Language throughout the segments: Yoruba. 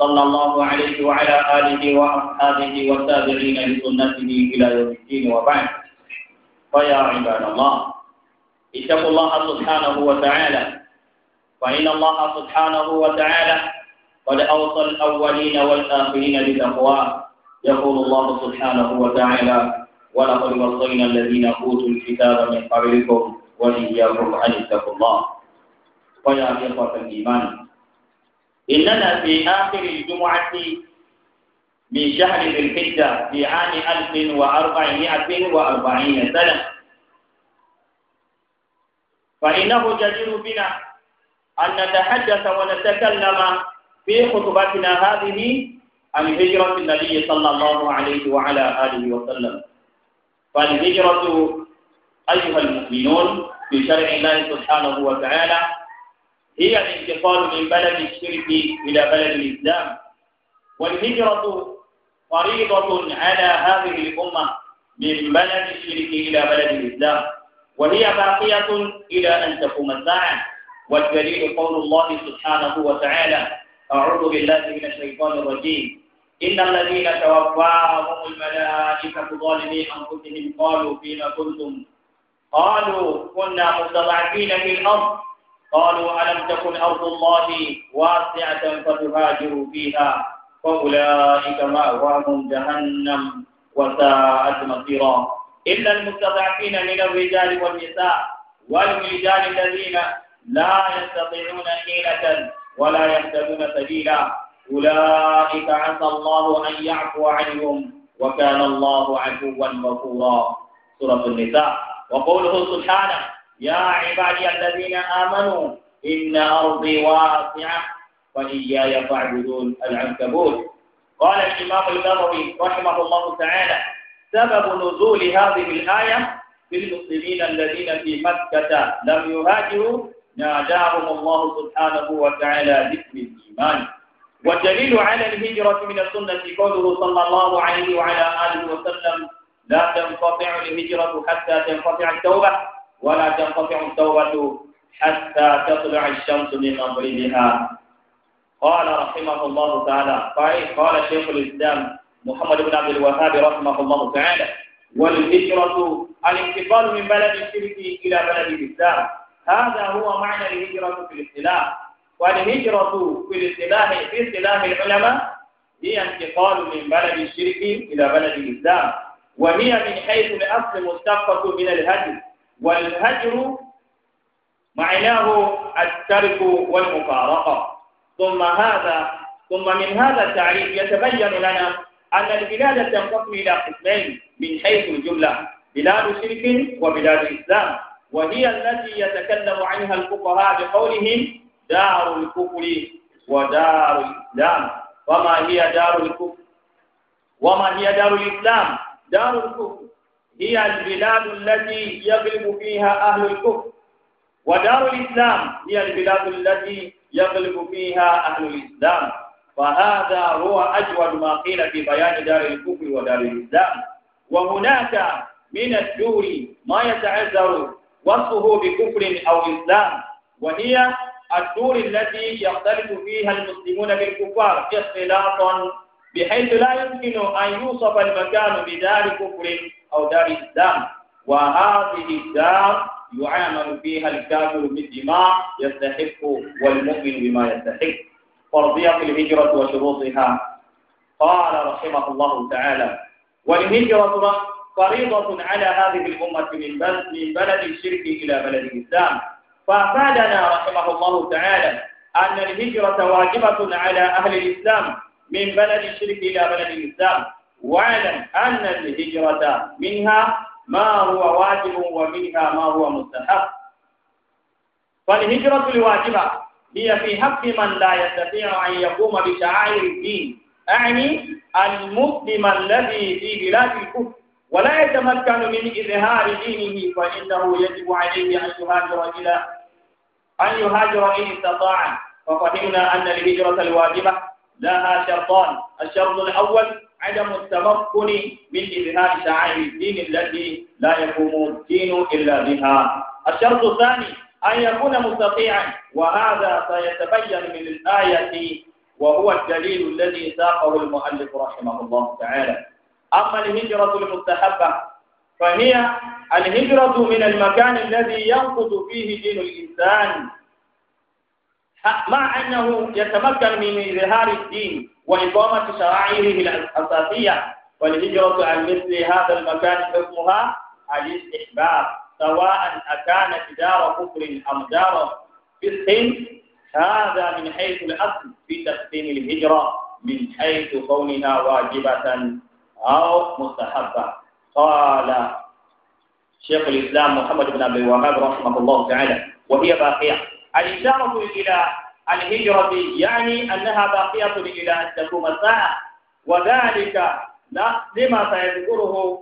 صلى الله عليه وعلى آله وأصحابه والتابعين لسنته إلى يوم الدين وبعد فيا عباد الله اتقوا الله سبحانه وتعالى فإن الله سبحانه وتعالى قد أوصى الأولين والآخرين بتقواه يقول الله سبحانه وتعالى ولقد وصينا الذين أوتوا الكتاب من قبلكم وإياكم أن اتقوا الله ويا إخوة الإيمان إننا في آخر الجمعة من شهر ذي الحجة في عام 1440 سنة فإنه جدير بنا أن نتحدث ونتكلم في خطبتنا هذه عن هجرة النبي صلى الله عليه وعلى آله وسلم فالهجرة أيها المؤمنون في شرع الله سبحانه وتعالى هي الانتقال من بلد الشرك إلى بلد الإسلام والهجرة فريضة على هذه الأمة من بلد الشرك إلى بلد الإسلام وهي باقية إلى أن تقوم الساعة والدليل قول الله سبحانه وتعالى أعوذ بالله من الشيطان الرجيم إن الذين توفاهم الملائكة ظالمي أنفسهم قالوا فيما كنتم قالوا كنا مستضعفين في الأرض قالوا ألم تكن أرض الله واسعة فتهاجروا فيها فأولئك مأواهم جهنم وساءت مصيرا إلا المستضعفين من الرجال والنساء والولدان الذين لا يستطيعون حيلة ولا يهتدون سبيلا أولئك عسى الله أن يعفو عنهم وكان الله عفوا غفورا سورة النساء وقوله سبحانه يا عبادي الذين آمنوا إن أرضي واسعة فإياي فاعبدون العنكبوت قال الإمام النووي رحمه الله تعالى سبب نزول هذه الآية في المسلمين الذين في مكة لم يهاجروا ناداهم الله سبحانه وتعالى باسم الإيمان والدليل على الهجرة من السنة قوله صلى الله عليه وعلى آله وسلم لا تنقطع الهجرة حتى تنقطع التوبة ولا تنقطع التوبة حتى تطلع الشمس من مغربها قال رحمه الله تعالى قال شيخ الإسلام محمد بن عبد الوهاب رحمه الله تعالى والهجرة الانتقال من بلد الشرك إلى بلد الإسلام هذا هو معنى الهجرة في الاصطلاح والهجرة في الاصطلاح في اصطلاح العلماء هي انتقال من بلد الشرك إلى بلد الإسلام وهي من حيث الأصل مشتقة من الهجر والهجر معناه الترك والمفارقة ثم هذا ثم من هذا التعريف يتبين لنا أن البلاد تنقسم إلى قسمين من حيث الجملة بلاد شرك وبلاد إسلام وهي التي يتكلم عنها الفقهاء بقولهم دار الكفر ودار الإسلام وما هي دار الكفر وما هي دار الإسلام دار الكفر هي البلاد التي يغلب فيها أهل الكفر ودار الإسلام هي البلاد التي يغلب فيها أهل الإسلام فهذا هو أجود ما قيل في بيان دار الكفر ودار الإسلام وهناك من الدور ما يتعذر وصفه بكفر أو إسلام وهي الدور التي يختلف فيها المسلمون بالكفار اختلاطا بحيث لا يمكن أن يوصف المكان بدار كفر أو دار الدم وهذه الدار يعامل فيها الكافر بالدماء يستحق والمؤمن بما يستحق فرضية الهجرة وشروطها قال رحمه الله تعالى والهجرة فريضة على هذه الأمة من بلد, من بلد الشرك إلى بلد الإسلام فأفادنا رحمه الله تعالى أن الهجرة واجبة على أهل الإسلام من بلد الشرك إلى بلد الإسلام واعلم أن الهجرة منها ما هو واجب ومنها ما هو مستحب فالهجرة الواجبة هي في حق من لا يستطيع أن يقوم بشعائر الدين أعني المسلم الذي في بلاد الكفر ولا يتمكن من إظهار دينه فإنه يجب عليه أن يهاجر إلى أن يهاجر إن استطاع ففهمنا أن الهجرة الواجبة لها شرطان الشرط الأول عدم التمكن من إظهار شعائر الدين التي لا يقوم الدين إلا بها الشرط الثاني أن يكون مستطيعا وهذا سيتبين من الآية وهو الدليل الذي ساقه المؤلف رحمه الله تعالى أما الهجرة المستحبة فهي الهجرة من المكان الذي ينقض فيه دين الإنسان مع أنه يتمكن من إظهار الدين وإقامة شرائعه الأساسية والهجرة عن مثل هذا المكان على الاستحباب سواء أكانت دار كفر أم دار فسق هذا من حيث الأصل في تقسيم الهجرة من حيث كونها واجبة أو مستحبة قال شيخ الإسلام محمد بن عبد الوهاب رحمه الله تعالى وهي باقية الإشارة إلى الهجرة يعني أنها باقية إلى أن تقوم الساعة وذلك لما سيذكره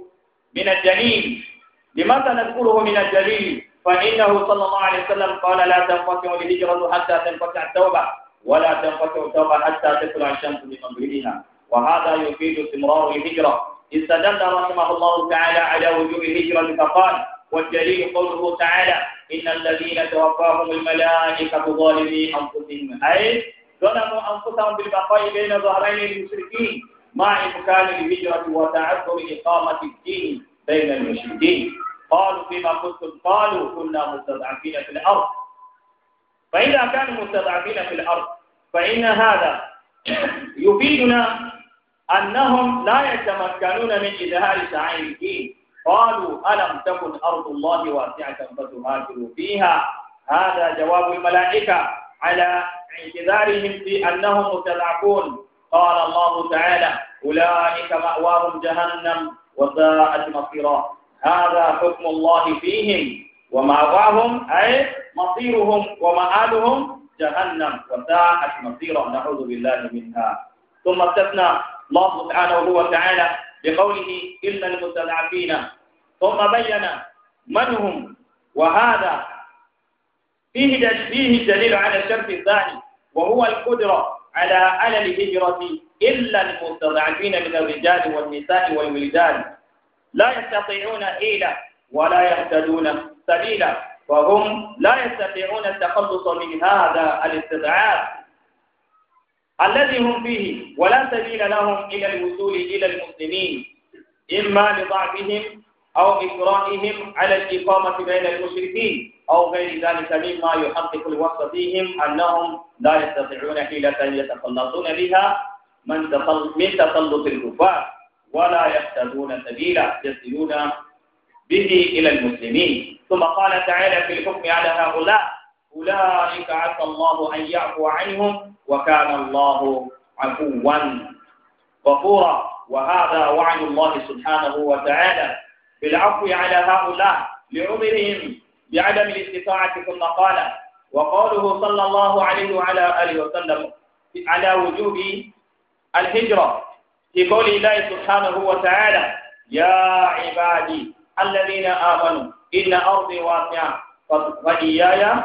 من الدليل لما سنذكره من الدليل فإنه صلى الله عليه وسلم قال لا تنقطع الهجرة حتى تنقطع التوبة ولا تنقطع التوبة حتى تطلع الشمس من مغربها وهذا يفيد استمرار الهجرة استدل رحمه الله تعالى على وجوب الهجرة فقال والدليل قوله تعالى إن الذين توفاهم الملائكة ظالمي أنفسهم أي ظلموا أنفسهم بالبقاء بين ظهرين المشركين مع إمكان الهجرة وتعذر إقامة الدين بين المشركين قالوا فيما كنتم قالوا كنا مستضعفين في الأرض فإذا كانوا مستضعفين في الأرض فإن هذا يفيدنا أنهم لا يتمكنون من إظهار شعائر الدين قالوا ألم تكن أرض الله واسعة فتهاجروا فيها هذا جواب الملائكة على اعتذارهم في أنهم متلعبون قال الله تعالى أولئك مأواهم جهنم وساءت مصيرا هذا حكم الله فيهم ومأواهم أي مصيرهم ومآلهم جهنم وساءت مصيرا نعوذ بالله منها ثم استثنى الله سبحانه وتعالى بقوله إلا المتلعبين ثم بين من هم وهذا فيه فيه دليل على الشرط الثاني وهو القدرة على على الهجرة إلا المستضعفين من الرجال والنساء والولدان لا يستطيعون حيلة ولا يهتدون سبيلا وهم لا يستطيعون التخلص من هذا الاستضعاف الذي هم فيه ولا سبيل لهم إلى الوصول إلى المسلمين إما لضعفهم أو إجرائهم على الإقامة بين المشركين أو غير ذلك مما يحقق الوصف فيهم أنهم لا يستطيعون حيلة يتخلصون بها من من تسلط الكفار ولا يهتدون سبيلا يصلون به إلى المسلمين ثم قال تعالى في الحكم على هؤلاء أولئك عسى الله أن يعفو عنهم وكان الله عفوا غفورا وهذا وعد الله سبحانه وتعالى بالعفو على هؤلاء لعمرهم بعدم الاستطاعة ثم قال وقوله صلى الله عليه وعلى آله وسلم على وجوب الهجرة في قول الله سبحانه وتعالى يا عبادي الذين آمنوا إن أرضي واسعة فإياي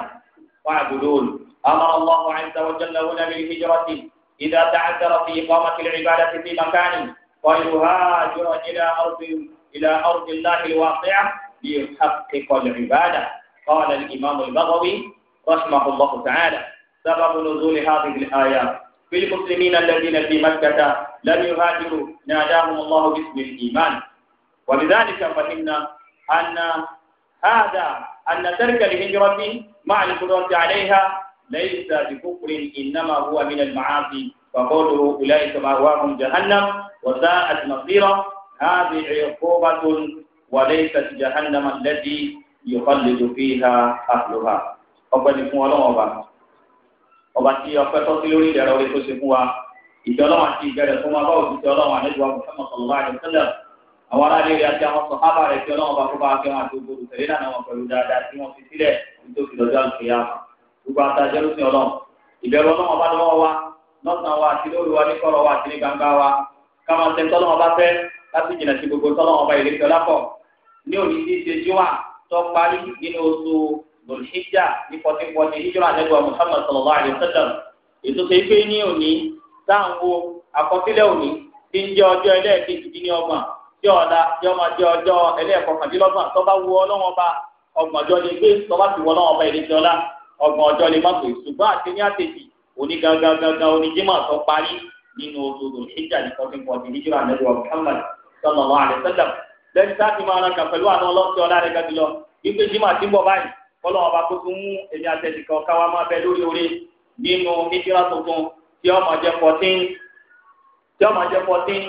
فاعبدون أمر الله عز وجل هنا بالهجرة إذا تعذر في إقامة العبادة في مكان فيهاجر إلى أرض إلى أرض الله الواقعة ليحقق العبادة قال الإمام البغوي رحمه الله تعالى سبب نزول هذه الآيات في المسلمين الذين في مكة لم يهاجروا ناداهم الله باسم الإيمان ولذلك فهمنا أن هذا أن ترك الهجرة مع القدرة عليها ليس بكفر إنما هو من المعاصي فقوله أولئك مأواهم جهنم وساءت مصيرا هذه عقوبة وليست جهنم التي يخلد فيها أهلها ọpẹ́ ni fún Ọlọ́run ọba ọba tí ọpẹ́ tọ́ sí lórí ìdára orí tó ṣe fún wa ìjọ Ọlọ́run àti ìbẹ̀rẹ̀ fún wa bá òṣìṣẹ́ Ọlọ́run àlejò àwọn ọmọ sọlọlá àti ṣẹlẹ̀ àwọn ará ilé àti àwọn sọhábà rẹ̀ tí Ọlọ́run ọba fúnpa akẹwọn àti ogbodò tẹ́lẹ̀ náà wọn pẹ̀lú dáadáa tí wọn fi sílẹ̀ nítòsí lọ́jọ́ gbogbo àtàjẹ ló sin Ọlọ́run ìbẹ̀rù Ọlọ́run ọba lọ́wọ́ wa lọ́sàn wa àti lóru wa ní kọ̀rọ̀ wa àti ní gbangba wa káwọn ṣe tọ́lọ́wọ́ bá fẹ́ láti jìnnà sí gbogbo tọ́lọ́ ọba ìrèké ọlápọ̀ ní òní tí ṣe jíwà tó parí nínú oṣù lòlìṣíjà ní pọtipọti hijira nígbà Muhammad sallallahu alayhi wa sallam ètò tó ife ní òní táǹwò àkọsílẹ̀ òní tí ń jẹ́ ọjọ́ ẹlẹ́ẹ̀kejì dín ní ọgbọ̀n tí ọ̀la tí ọmọ jẹ́ ọjọ́ ẹlẹ́ẹ̀kọkàndínlọ́gbọ̀n tó bá wu ọlọ́wọ́n ọba ọgbọ̀n ọjọ́ lè gbé tó bá ti wọ ọlọ́wọ́n ọba ìrèké ọlá ọgbọ̀n ọjọ́ lè má pè ṣùgbọ́n àti ní àtẹ̀jì òní gangan gangan oníjìmọ̀ tó parí nínú oṣù lòlìṣíjà ní pọtipọti hijira nígbà Muhammad sallallahu alaihi wasallam lẹ́ni sáà ti máa ran kàn pẹ̀lú àwọn ọlọ́ọ̀tì ọlá rẹ̀ gàdí lọ ipe jimá ti ń bọ̀ báyìí kọ́lọ́wọ́n bá kó tún mú èmi àtẹnìkan káwá máa bẹ lórí orí nínú nídìrá tuntun tí ọmọ jẹ fourteen tí ọmọ jẹ fourteen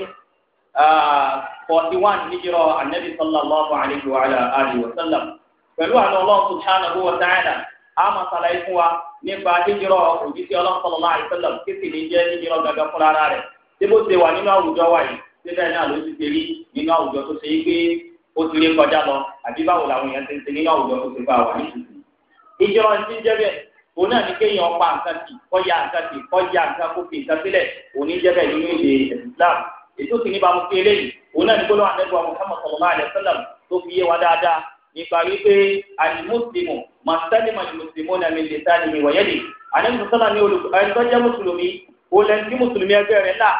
forty one nídìrá anabi sallallahu alaihi wa alihi wa sallam pẹ̀lú àwọn ọlọ́ọ̀tì subhanahu wa ta'ala ama salaye fún wa nípa hijirọ òjíṣẹ́ ọlọ́run sallallahu alaihi wasallam kí sì ní jẹ́ hijirọ síbẹ̀ náà ló ti ṣe rí nínú àwùjọ tó ṣe é pé ó ti lé kọjá lọ àbí báwo làwọn èèyàn ti ń ṣe nínú àwùjọ tó ṣe bá wà nísinsìnyí. ìjọ ti ń jẹ́ bẹ́ẹ̀ òun náà ní kéèyàn pa nǹkan tì kọ́ya nǹkan tì kọ́ya nǹkan kó fi nǹkan sílẹ̀ òun ní jẹ́ bẹ́ẹ̀ nínú èdè Islam ètò sì ní bá mu sí eléyìí òun náà ní gbọ́dọ̀ àdẹ́gbọ́ Muhammad sallallahu alaihi wasallam tó fi yé wa dáadáa nípa wípé alimuslimu masalima alimuslimu náà mi lè sáà nìyí wọ̀nyẹ́lì àdẹ́gbọ́sọ́lá ní olùkọ́ ẹni tó jẹ́ mùsùlùmí olùkọ́ mùsùlùmí ẹgbẹ́ rẹ̀ náà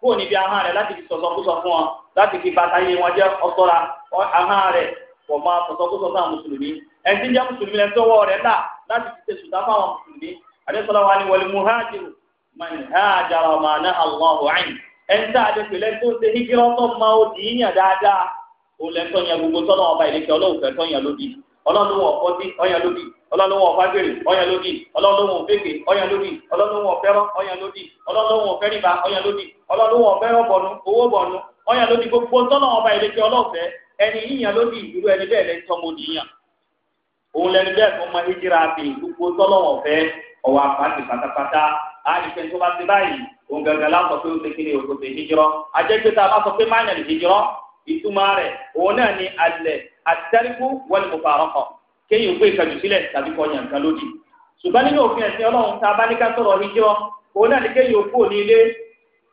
kúrò níbi ahọ́n rẹ̀ láti fi sọ̀sọ̀kúsọ fún wọn láti fi bàtà yé wọn jẹ́ ọ̀sọ́ra ahọ́n rẹ̀ kò máa sọ̀sọ̀kúsọ sáwọn mùsùlùmí ẹni tí ń jẹ́ mùsùlùmí lẹ́nu tó wọ́ rẹ̀ láti fi ṣe sùtá mùsùlùmí wa ni wọlé muhajiru na a lè pè lẹ́nu ṣe hijira tó máa ó dì í yàn dáadáa òun lẹ́nu tó gbogbo ọba lódì lódì ọlọ́run wọn fẹ́ràn bọ̀nu owó bọ̀nu ọyàn ló di gbogbo tọ́nà ọba ìlẹ́kẹ́ ọlọ́fẹ́ ẹni yíyan ló di ìlú ẹni bẹ́ẹ̀ lẹ́ni tọ́mọ nìyàn òun lẹni bẹ́ẹ̀ gbogbo ọwọ́ pátápátá tó bá ti báyìí òun pé ó ti kiri òkú ti hijirọ́ tá a bá sọ pé lè hijirọ́ ìtumọ̀ rẹ̀ òun náà ni àtẹ́ríkù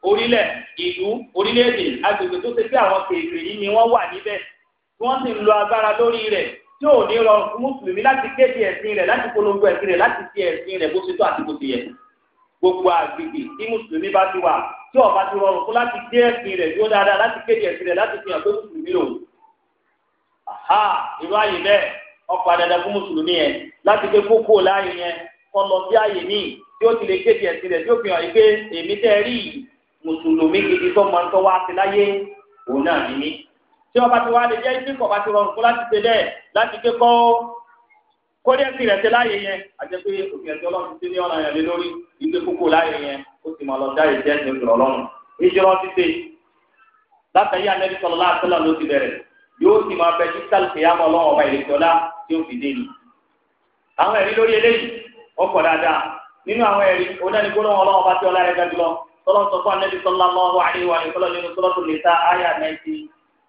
orílẹ̀ ìlú orílẹ̀-èdè agbègbè tó ṣe pé àwọn kèèrè yìí ni wọ́n wà níbẹ̀ tí wọ́n sì ń lo agbára lórí rẹ̀ tí ò ní rọrùn fún mùsùlùmí láti kéde ẹ̀sìn rẹ̀ láti polongo ẹ̀sìn rẹ̀ láti fi ẹ̀sìn rẹ̀ bó ṣe tó àti bó ṣe yẹ gbogbo agbègbè tí mùsùlùmí bá ti wà tí ọba ti rọrùn fún láti dé ẹ̀sìn rẹ̀ yóò dáadáa láti kéde ẹ̀sìn rẹ̀ láti fi hàn pé mùsùlùmí lòun aha irú ààyè bẹ́ẹ̀ ọkọ̀ àdàdà fún mùsùlùmí mùsùlùmí gidi tó máa ń tọ́ wá sí láyé òun náà ní mí tí ọba ti wá lè jẹ́ ibi kọ̀ọ̀bá ti rọrùn fún láti ṣe bẹ́ẹ̀ láti ké kọ́ kódẹ́sì rẹ̀ ṣe láàyè yẹn àjẹpé òfin ẹ̀sìn ọlọ́run ti ní ọ̀nà ìrìn lórí ilé kókó láàyè yẹn ó sì máa lọ dá ìjẹ́ ẹ̀sìn ìjọ ọlọ́run ìjọba ti ṣe látàrí ànẹ́bí sọ̀rọ̀ láàtọ́lá ló ti bẹ̀rẹ̀ yóò sì máa bẹ dísítàl kìyàmọ́ ọlọ́run ọba ìrètọ́lá tí ó fi dé ni. àwọn ẹ̀rí lórí eléyìí ọkọ̀ dáadáa nínú àwọn ẹ̀rí onáníkó ọlọ́run ọba tí ọlá rẹ̀ gbẹ́jú tọ́lọ́ fún anabi sallallahu alaihi wa sallam nínú sọ́lọ́tù nìta àyà náìtì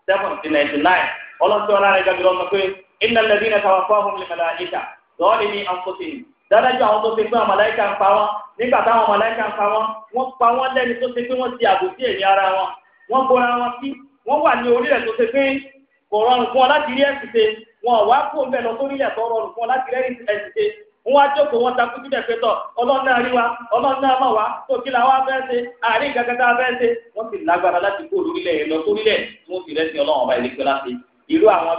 seven to ninety nine ọlọ́sọ ọ̀la rẹ̀ gàdúrà ọmọ pé iná lẹ́bí iná tàwa fún ahùn lẹ́mẹ̀lá àyíká lọ́ọ́ lè ní àǹfọ̀tì dáadájú àwọn tó ti pé àwọn màláíkà ń pa wọn nígbà táwọn màláíkà ń pa wọn wọ́n pa wọ́n lẹ́ni tó ti pé wọ́n ti àbò sí èmi ara wọn wọ́n bora wọn sí wọ́n wà ní orí rẹ̀ tó ti pé kò rọrùn fún ọ láti rí ẹ̀sìn ṣe wọn ò wá kó ń bẹ̀ lọ sórí rẹ̀ rọrùn fún ọ láti rí ẹ̀sìn ṣe wọn á jókòó wọn takú síbẹ̀ pé tọ̀ ọlọ́run náà rí a ọlọ́run náà mọ̀ tó kí la wá fẹ́ ṣe àárín a fẹ́ ṣe wọ́n sì lágbára láti kó lórílẹ̀ ẹ̀ lọ sórílẹ̀ tí fi ọlọ́run ọba láti irú ara wọn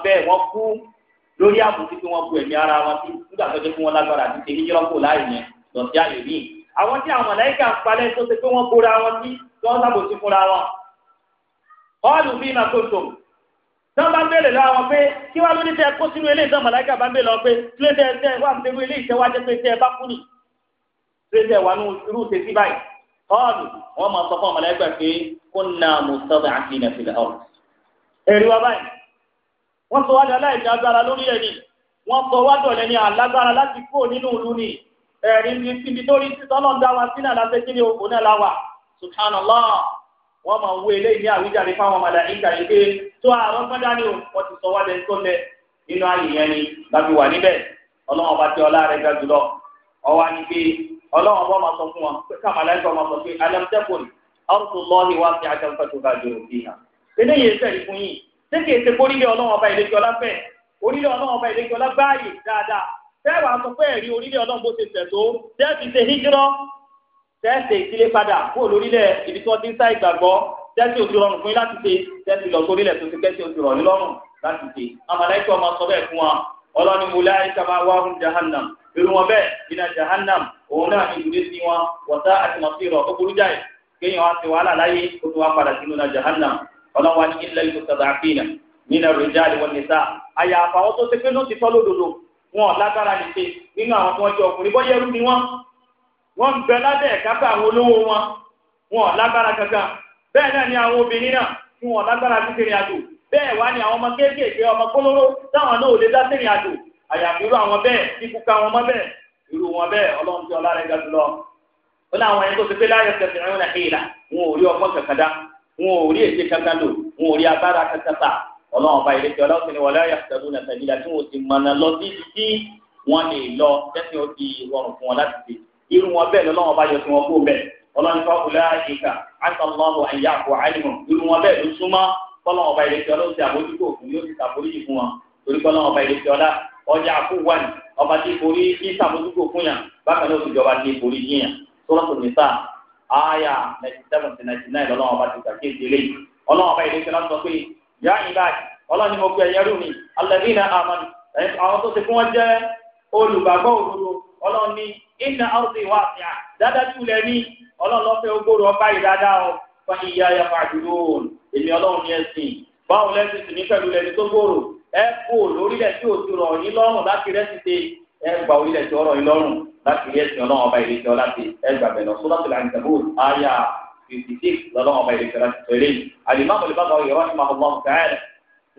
sí nígbà tó dé fún wọn lágbára àti ṣe yíyọ́ kó láàyè yẹn lọ sí àyè míì àwọn tí àwọn ń palẹ̀ tó ṣe pé wọ́n tí wọ́n bá ń bèèrè lọ́wọ́ wọn pé kí wọ́n lóde tẹ kó sínú ilé ìtàn màláìka bá ń bèèrè lọ pé kílé tẹ tẹ wà ń tẹwé ilé ìtẹ́wájẹ́ pé tẹ bá kú nì kílé tẹ wà nù irú tẹsí báyìí kọ́ọ̀lù wọ́n máa sọ fún màláìka pé kó nà mú sọ́dọ̀ àti ìnà fìlẹ̀ ọ̀rọ̀. èrè wa báyìí wọ́n sọ wájú aláìní agbára lórí ẹ̀ ni wọ́n sọ wájú ọ̀lẹ́ ni alágbára láti kúrò nínú ìlú ni ẹ̀rí ibi tó rí sí sínú àlàfẹ́ kí ni òkú náà láwà subhanallah wọ́n máa wé eléyìí ní àwíjàre fáwọn màláíkà yìí pé tó àwọn gbọ́dá ni wọ́n ti sọ wá lẹ́nu tó lẹ nínú ààyè yẹn ni láti wà níbẹ̀ ọlọ́wọ́n bá ti ọlá rẹ̀ ga jùlọ ọwọ́ ni pé ọlọ́wọ́n bá máa sọ fún wọn pé kàmàláìkà máa sọ pé alẹ́mùtẹ́kùn ọ̀rùtù lọ́ọ̀hì wá sí àjẹmùfẹ́tò bá jòrò fi hàn eléyìí ẹsẹ̀ rí fún yìí sékè ètè orílẹ̀ ọlọ́wọ́n bá ìlẹ́kẹ́ ọlá fẹ́ orílẹ̀ ọlọ́wọ́n bá ìlẹ́kẹ́ ọlá gbáàyè dáadáa tẹ́wàá sọ pé ẹ̀rí orílẹ̀ ọlọ́wọ́n bó ṣe tẹ̀ tó tẹ́ẹ̀ fi ṣe híjírọ́ tẹ́sí ìdílé padà kó lórílẹ̀ ibi tí wọ́n ti ń sá ìgbàgbọ́ tẹ́sí òsì rọrùn fún yín láti ṣe tẹ́sí lọ sórílẹ̀ tó ti kẹ́sí òsì rọ̀ lọ́rùn láti ṣe amalaika ọmọ sọ bẹ́ẹ̀ fún wa ọlọ́ni múlá ìṣàmà wàhùn jahannam irun wọn bẹ́ẹ̀ iná jahannam òun náà ní ìdílé sí wọn wọ́tá àti màsí rọ̀ burú jáì kéèyàn wá ti wàhálà láyé ó ti wá padà sínú náà jahannam ọlọ́wà wọ́n ń bẹ lábẹ́ ìkápá àwọn olówó wọn wọn lágbára kankan bẹ́ẹ̀ náà ni àwọn obìnrin náà tí wọn ò lágbára títìrìn àjò bẹ́ẹ̀ wá ni àwọn ọmọ kéékèèké ọmọ kólóró táwọn náà ò lè dá tìrìn àjò àyàfi irú àwọn bẹ́ẹ̀ kíkúka wọn mọ́ bẹ́ẹ̀ irú wọn bẹ́ẹ̀ ọlọ́run tí ọlá rẹ̀ ga jùlọ. ó ní àwọn ẹni tó ti pé láyọ̀ tẹ̀sán ẹ̀rọ náà kéèlà wọn ò rí ọgbọ́n kankan dá wọn ò rí ète kankan lò wọn ò rí agbára kankan ta ọlọ́run ọba ìrètí ọlọ́run ti wọlé ayọ̀ tẹ̀sán tí wọn ti mọ̀nà lọ sí ibi tí wọ́n lè lọ tẹ́sán ó ti rọrùn fún wọn láti ṣe irú wọn bẹ́ẹ̀ lọ́wọ́ bá yọ sí wọn kó bẹ́ẹ̀ ọlọ́run fún ọkùnrin àyíká àtàlọ́wọ́ àyà àpò àìmọ̀ irú wọn bẹ́ẹ̀ ló súnmọ́ kọ́lọ́wọ́ bá ìrètí ọlọ́run ti àbójútó òfin yóò ti sàbóríyì fún wọn torí kọ́lọ́wọ́ bá ìrètí ọlá ọjà àpò wà ní ọba tí forí ní sàbójútó fún yàn bákan náà ti jọba tí forí yíyan sọ́lọ́tò nìta àyà ninety seven to ninety nine lọ́wọ́ bá ti sàkéèdè ọlọ́run ní iná ọ̀sìn wà sí à dáadáa jù lẹ ní ọlọ́run lọ́fẹ́ ogóró ọba yìí dáadáa o fún ìyá ayọ̀fà àdúró èmi ọlọ́run ní ẹ̀sìn báwo lẹ́sìn sì ní pẹ̀lú lẹni tó gbòòrò ẹ kú lórílẹ̀ tí òtún rọ̀ yín lọ́rùn láti rẹ́ síse ẹ gba orílẹ̀ tí ọ̀rọ̀ yín lọ́rùn láti rí ẹ̀sìn ọlọ́run ọba ìrètí ọ láti ẹ gbà bẹ̀rẹ̀ sọ́dọ̀tì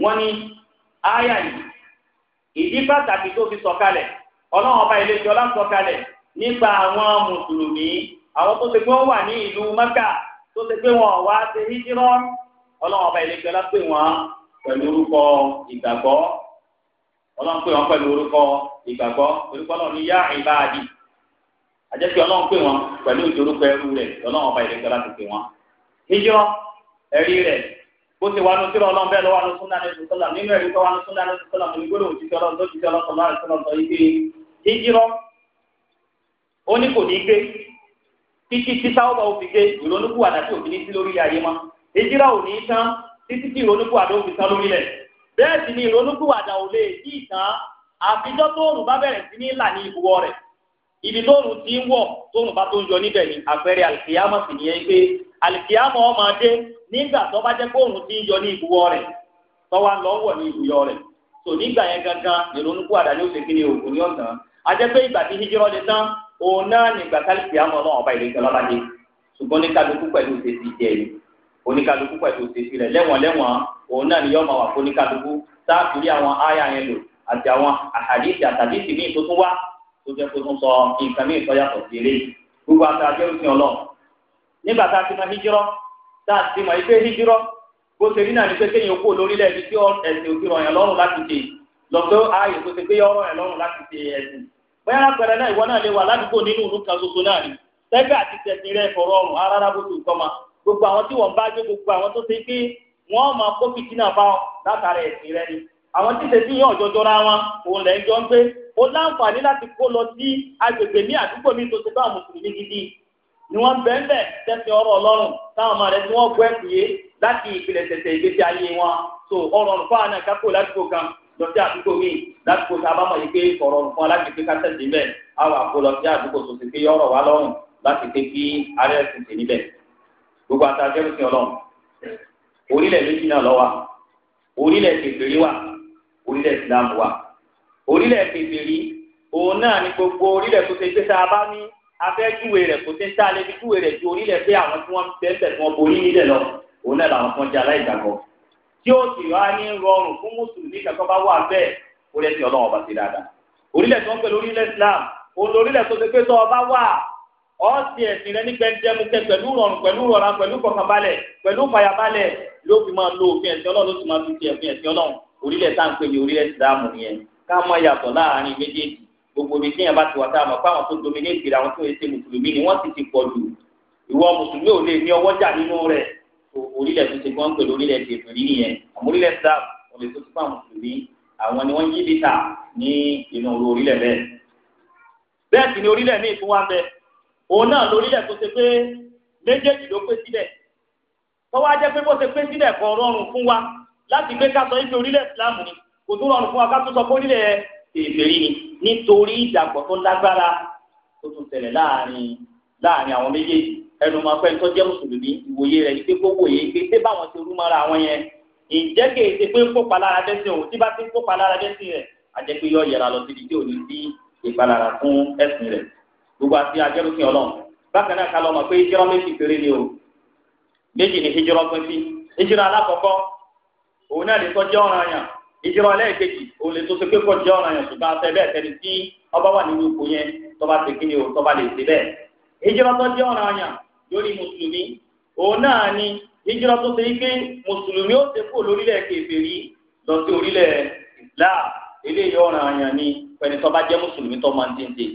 láti ìdí pàtàkì tó fi sọ̀kalẹ̀ ọlọ́run ọba ilé ìjọ lásọ̀kalẹ̀ nípa àwọn mùsùlùmí àwọn tó ṣe pé wọ́n wà ní ìlú mẹ́kà tó ṣe pé wọ́n wá ṣe híjírọ́ ọlọ́run ọba ilé ìjọ lápè wọ́n pẹ̀lú orúkọ ìgbàgbọ́ ọlọ́run pè wọ́n pẹ̀lú orúkọ ìgbàgbọ́ orúkọ náà ní yá ìbáàdì àjẹsí ọlọ́run pè wọ́n pẹ̀lú ìjórúkọ ẹrú rẹ̀ ọlọ́run ọba ilé ìjọ láti híjírọ́ ẹ̀rí rẹ̀ bó ti wà lóṣù ọlọ́run bẹ́ẹ̀ lọ́wọ́ àwọn súnà lẹ́sùn sọ́lá nínú ẹ̀rí tó wà lóṣù súnà lẹ́sùn sọ́lá òní gbọ́dọ̀ òjijì ọlọ́run tó jijì ọlọ́run sọ́lá àti sọ́lá yìí pé jíjírọ́ ó ní kò ní gbé títí tí sáwọ́bà ó fi gbé ìrònúkú àdàtì òfin sí lórí ayé mọ́ ìjírọ́ ò ní tán títí tí ìrònúkú àdà fi tán lórí lẹ̀ bẹ́ẹ̀ sì ni ìrònúkú àdà ò lè tí ì tán àfijọ́ tóòrùn bá bẹ̀rẹ̀ nígbà tó bá jẹ́ pé òun ti ń yọ ní ìbúwọ́ rẹ̀ tó wá lọ wọ̀ ní ìbúyọ́ rẹ̀ tò nígbà yẹn gangan ìrònúkú àdáni ó ṣe kí ni òògùn ní ọ̀sán àjẹpẹ́ ìgbà tí hijirọ́ lè tán òun náà nígbà kálífì àmọ́ náà ọba ìrètí ọlọ́ládé ṣùgbọ́n oníkálukú pẹ̀lú òṣèṣì jẹ́ ẹ̀yìn oníkálukú pẹ̀lú òṣèṣì rẹ̀ lẹ́wọ̀n lẹ́wọ̀n òun náà ni yọ́ máa wà fún oníkálukú sáàkiri àwọn áyà yẹn lò àti àwọn àhàdíìsì àtàdíìsì míì tó tún wá tó jẹ́ tuntun sọ nǹkan míì sọ yàtọ̀ sí eré gbogbo àtàkẹ́ òsìn ọlọ́run nígbà tá a ti máa hijirọ́ tá a ti mọ̀ ife hijirọ́ bó ṣe rí náà ní pé kéèyàn kó lórílẹ̀ ibi tí ẹ̀sìn òkè ara lọ́rùn láti ṣe lọ́pẹ́ ààyè tó ṣe pé yọ ọ̀rọ̀ yẹn lọ́rùn láti ṣe ẹ̀sìn bóyá àpẹẹrẹ náà ìwọ náà lè wà ládùúgbò nínú ìlú kan ṣoṣo náà ni tẹ́gbẹ́ àti tẹ̀sìn rẹ̀ fọ̀rọ̀ ọ̀rùn arára bó ti kọ́ ma gbogbo àwọn tí wọ́n bá jó gbogbo àwọn tó ṣe pé wọ́n máa kó ra lọ ni wọ́n bẹ́ẹ̀nbẹ́ tẹ́sí ọ̀rọ̀ ọlọ́run táwọn ọmọ rẹ̀ tí wọ́n gbọ́ ẹ̀sìn yé láti ìpìlẹ̀ tẹ̀tẹ̀ ìgbésí ayé wọn so ọ̀rọ̀ ọ̀rùn fáwọn náà kákó lásìkò kan lọ sí àdúgbò míì lásìkò tá a bá mọ̀ yìí pé ọ̀rọ̀ ọ̀rùn fún alágbègbè ká tẹ̀sí bẹ́ẹ̀ á wà kó lọ sí àdúgbò tó ti fi ọ̀rọ̀ wa lọ́rùn láti pé kí arẹ́ ẹ̀sìn sí níbẹ̀ gbogbo àtàjẹ́rùsìn ọlọ́run orílẹ̀ méjì náà ló wà orílẹ̀ kèfèrí wà orílẹ̀ ìsìlámù wà orílẹ̀ kèfèrí òun náà ni abẹ́júwe rẹ̀ kò sí ń tálẹ́ fi júwe rẹ̀ ju orílẹ̀ pé àwọn tí wọ́n bẹ́ẹ̀ tí wọ́n borí nílẹ̀ lọ òun náà làwọn kan jẹ́ aláìgbàgbọ́ tí ó sì wá ní rọrùn fún mùsùlùmí kankan bá wà bẹ́ẹ̀ ó lẹ́sìn ọlọ́run ọba sí dáadáa orílẹ̀ tó ń pè lórílẹ̀ Islam olórílẹ̀ tó ti pé tó ọba wà ọ̀sìn ẹ̀sìn rẹ ní gbẹndẹ́mukẹ́ pẹ̀lú rọrùn pẹ̀lú rọra pẹ̀lú kọkànbalẹ̀ pẹ̀lú fàyàbalẹ̀ ló fi máa lo fi ti gbogbo ibi tí yẹn bá ti wà táwọn ọ̀pá àwọn tó dominate rẹ̀ àwọn tó yẹ ṣe mùsùlùmí ni wọ́n sì ti pọ̀ jù ìwọ mùsùlùmí ò lè ní ọwọ́ jà nínú rẹ̀ orílẹ̀ tó ṣe kí wọ́n ń pè lórílẹ̀ èdè ìfìrí nìyẹn àmórílẹ̀ sáà òlè tó ti fún àwọn mùsùlùmí àwọn ni wọ́n yí bíta ní inú orílẹ̀ bẹ́ẹ̀. bẹ́ẹ̀ sì ni orílẹ̀ míì fún wa bẹ́ẹ̀ òun náà lórílẹ̀ tó ṣe pé méjèèjì ló pé sílẹ̀ tọ́wọ́ ajẹ́ pé bó ṣe pé sílẹ̀ kan rọrùn fún wa láti gbé ká sọ ibi orílẹ̀ èbèrè ni nítorí ìdàpọ̀ tó lágbára tó tún tẹ̀lẹ̀ láàrin láàrin àwọn méjèèjì ẹnu máa pẹ́ tó jẹ́ mùsùlùmí ìwòye rẹ̀ ni pé gbogbo yìí pé pé báwọn ti rú mọ́ra àwọn yẹn ǹjẹ́ kéde pé ń kópa lára dẹ́sìn òun tí bá ti ń kópa lára dẹ́sìn rẹ̀ àjẹpé yọ yẹra lọ síbi tí ò ní sí ìpalára fún ẹ̀sìn rẹ̀ gbogbo àti ajẹ́rùsìn ọlọ́run bákan náà ká lọ mọ̀ pé hijira méjì péré ni o méjì ni hijira pín sí hijira alákọ̀ọ́kọ́ òun náà lè sọ jẹ́ ọ̀ranyàn ìjọba lẹ́ẹ̀kejì òun lè tó ṣe pé kọ́ jẹ́ ọ̀ràn yẹn ṣùgbọ́n afẹ́ bẹ́ẹ̀ tẹ́lẹ̀ tí ọba wà nínú ipò yẹn tọ́ba ṣe kí ni o tọ́ba lè ṣe bẹ́ẹ̀. ìjọba tó jẹ́ ọ̀ràn yẹn lórí mùsùlùmí òun náà ni ìjọba tó ṣe pé mùsùlùmí ó ṣe kó lórílẹ̀ kèfèrí lọ sí orílẹ̀ Islam eléyìí ọ̀ràn yẹn ni pẹ̀lú tọ́ba jẹ́ mùsùlùmí tó máa ń tẹ̀ǹtẹ̀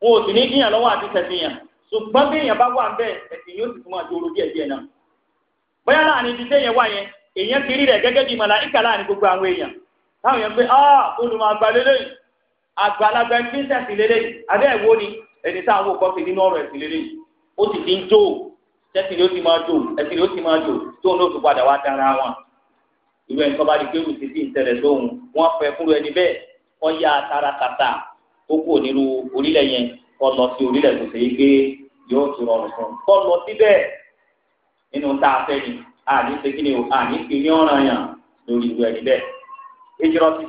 wọn ò sì ní díyàn lọ́wọ́ àti tẹ̀síyàn ṣùgbọ́n bí èèyàn bá wà ń bẹ́ẹ̀ ẹ̀sìn yóò sì tún máa dúró díẹ̀ díẹ̀ náà. bóyá láàrin ibi téèyàn wà yẹn èèyàn ti rí rẹ̀ gẹ́gẹ́ bíi màláìkà láàrin gbogbo àwọn olùmọ̀ àgbà lélẹ́yìn ẹni tí ń lélẹ́yìn abẹ́ ẹ̀ wo ni ẹni táwọn nínú ọ̀rọ̀ ẹ̀sìn ó kú onírú orílẹ̀ yẹn kọ́ lọ sí orílẹ̀ tó ṣe é gbé yóò tún rọrùn fún un kọ́ lọ a fẹ́ ni àní ṣe kí ni o àní fi ní ọ̀ràn yàn lórí ìlú ẹni bẹ́ẹ̀ ìjírọ̀ ti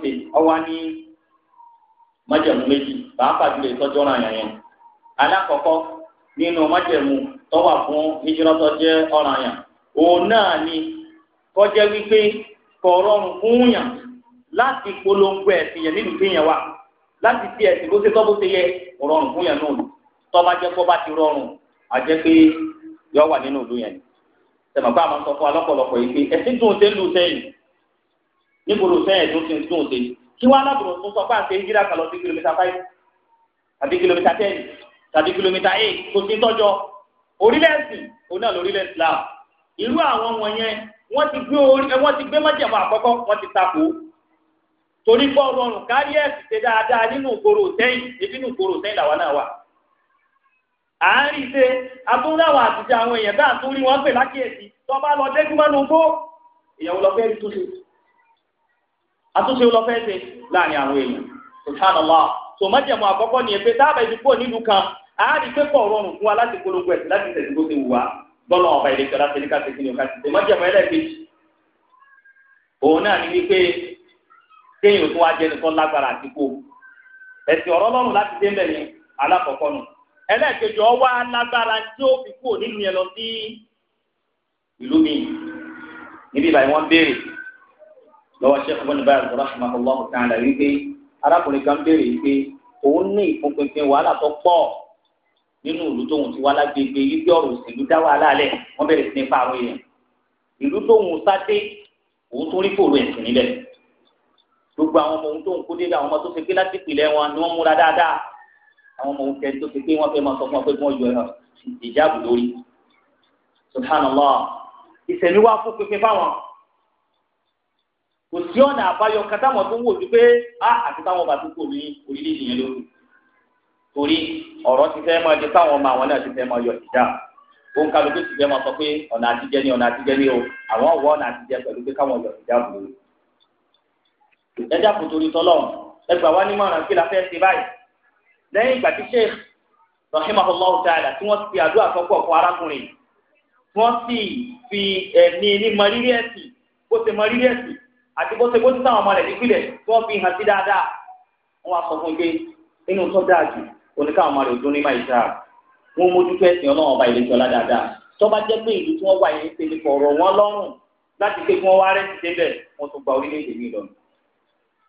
yẹn alákọ̀ọ́kọ́ nínú májẹ̀mú fún tó jẹ́ ọ̀ràn yàn òun wípé láti fi ẹ̀sìn bó ṣe tọ́ bó ṣe yẹ rọrùn fún yẹn náà tọ́ba jẹ́ kó bá ti rọrùn á jẹ́ pé yọ wà nínú ìlú yẹn tẹ̀mọ̀ pé àwọn sọ fún wa lọ́pọ̀lọpọ̀ yìí pé ẹ̀sìn tún ṣe ń lu sẹ́yìn níbòrò sẹ́yìn tún ṣe tún ṣe kí wọ́n alábòrò tún sọ pé àṣẹ ìjírà kan lọ sí kìlómítà five tàbí kìlómítà ten tàbí kìlómítà eight kò sí tọ́jọ́ orílẹ̀ torí pọ̀ ọrụ kárí ẹ̀sìn ṣe dáadáa nínú ìgboro sẹ́yìn ebi nínú ìgboro sẹ́yìn làwọn náà wà. à ń rí i ṣe atúndáwọ̀ àtijọ́ àwọn èèyàn bá àtúrí wọn pè lákìyèsí tó bá lọ dé gbọ́n lóko lọ fẹ́ túnṣe àtúnṣe lọ fẹ́ ṣe láàrin àwọn kan à ń rí i fún wa láti polongo ẹ̀sìn láti tẹ̀sí bó wù wá láti ní ká ṣe kéèyàn tó wá jẹ nìkan lágbára àti kó ẹsìn ọ̀rọ̀ lọ́rùn láti dé mbẹ ní alákọ̀ọ́kọ́ nù ẹlẹ́ẹ̀kejì ọwọ́ alágbára tí ó fi kúrò nínú yẹn lọ sí ìlú mi níbi ìbàyẹn wọ́n béèrè lọ́wọ́ sẹ́kù bọ́ni báyìí lọ́wọ́ sọ́mọ́ ọlọ́run kan rẹ̀ wípé arákùnrin kan béèrè wípé òun ní ìfúnpinpin wàhálà tó pọ̀ nínú ìlú tóun ti wá lágbègbè ibi ọ̀rọ̀ òṣèlú dá wàhálà lẹ̀ wọ́n bẹ̀rẹ̀ sí ní pa àwọn èèyàn ìlú tóun sáté òun tó rí fòrò ẹ̀sìn níbẹ̀ gbogbo àwọn ọmọ ohun tó ń kó dé àwọn ọmọ tó ṣe pé láti pìlẹ̀ wọn ni wọ́n múra dáadáa àwọn ọmọ ohun tẹ̀ tó ṣe pé wọ́n fẹ́ máa sọ fún wọn pé wọ́n yọ ìjáàbù lórí subhanallah ìsẹ̀mí wa fún pínpín fáwọn kò sí ọ̀nà àbáyọ kátàmọ̀ tó ń wò ju pé a àti táwọn bàtú kò ní orílẹ̀-èdè yẹn torí ọ̀rọ̀ ti fẹ́ máa di táwọn ọmọ àwọn náà ti fẹ́ máa yọ ìjà òun kálukú ti fẹ́ máa sọ pé ọ̀nà àtijẹ́ ni ọ̀nà àtijẹ́ ni o àwọn ọ̀wọ́ ọ̀nà àtijẹ́ pẹ̀lú pé káwọn yọ ìjà bùrù ẹjá kò torí tọlọ́run ẹgbà wá ní mọ̀ràn kí la fẹ́ ṣe báyìí lẹ́yìn ìgbà tí sheikh rahimahullah ta'ala tí wọ́n ti àdúrà sọ́kọ̀ fún arákùnrin wọ́n sì fi ẹ̀mí ní mọ̀rírí ẹ̀sìn bó ṣe mọ̀rírí ẹ̀sìn àti bó ṣe bó ṣe táwọn ọmọ rẹ̀ nípìnlẹ̀ tí wọ́n fi hàn sí dáadáa wọ́n wá sọ fún pé inú tó dáa jù oníkàwọn ọmọ rẹ̀ dún ní máa ìta wọn mójútó ẹ̀sìn ọlọ́run ọba ìlẹ́jọ́ lá dáadáa tó bá jẹ́ pé ìlú tí wọ́n wà yẹn ṣe ní kọ̀ọ̀rọ̀ wọn lọ́rùn láti pé kí wọ́n wá rẹ́sì débẹ̀ wọ́n tún gba orílẹ̀-èdè mi lọ́nà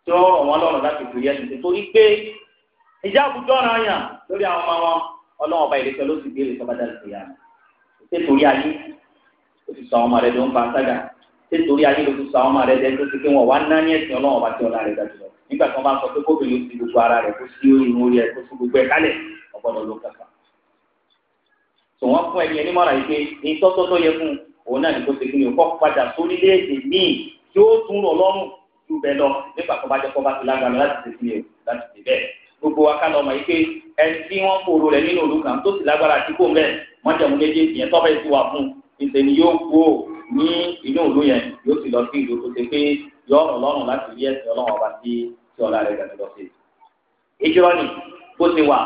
tí ó rọ̀ wọ́n lọ́rùn láti fi yẹn tuntun torí pé ìjà àbùjọ ọ̀ràn yàn lórí àwọn ọmọ wọn ọlọ́wọ́n ọba ìrẹsẹ̀ ló sì béèrè sọ́bàdà lè yà mí ṣé torí ayé ló ti sọ àwọn ọmọ rẹ ló ń fa sága ṣé torí ayé ló ti sọ àwọn ọmọ rẹ lẹ́yìn tó ti pé wọn wá ná ní ẹ̀sìn ọlọ́wọ́n ọba tí ọ̀la rẹ̀ dájú lọ nígbà tí wọ́n bá sọ pé kóbìnrin ó ti gbogbo ara rẹ̀ kó sí orí orí ẹ̀ kó sí gbogbo ẹ̀ kálẹ̀ ọgbọ́dọ̀ ló kàkà ń bẹ lọ nígbà tó bá jẹ́ kó bá ti lágbára láti ṣe sílẹ̀ láti ṣe bẹ́ẹ̀ gbogbo wa kálọ̀ mọ̀ yìí pé ẹni tí wọ́n kóró rẹ̀ nínú òlu kan tó sì lágbára àti kó mbẹ́ wọ́n jẹ̀mú méjèèjì yẹn tọ́fẹ́ sí wa fún ìṣẹ̀ ni yóò kú ò ní inú òlu yẹn yóò sì lọ sí ìlú tó ṣe pé yọ ọ̀rọ̀ lọ́rùn láti rí ẹ̀sìn ọlọ́run ọba tí tí ọ̀la rẹ̀ gàdé lọ sí. ìjọ́ ni bó ti wà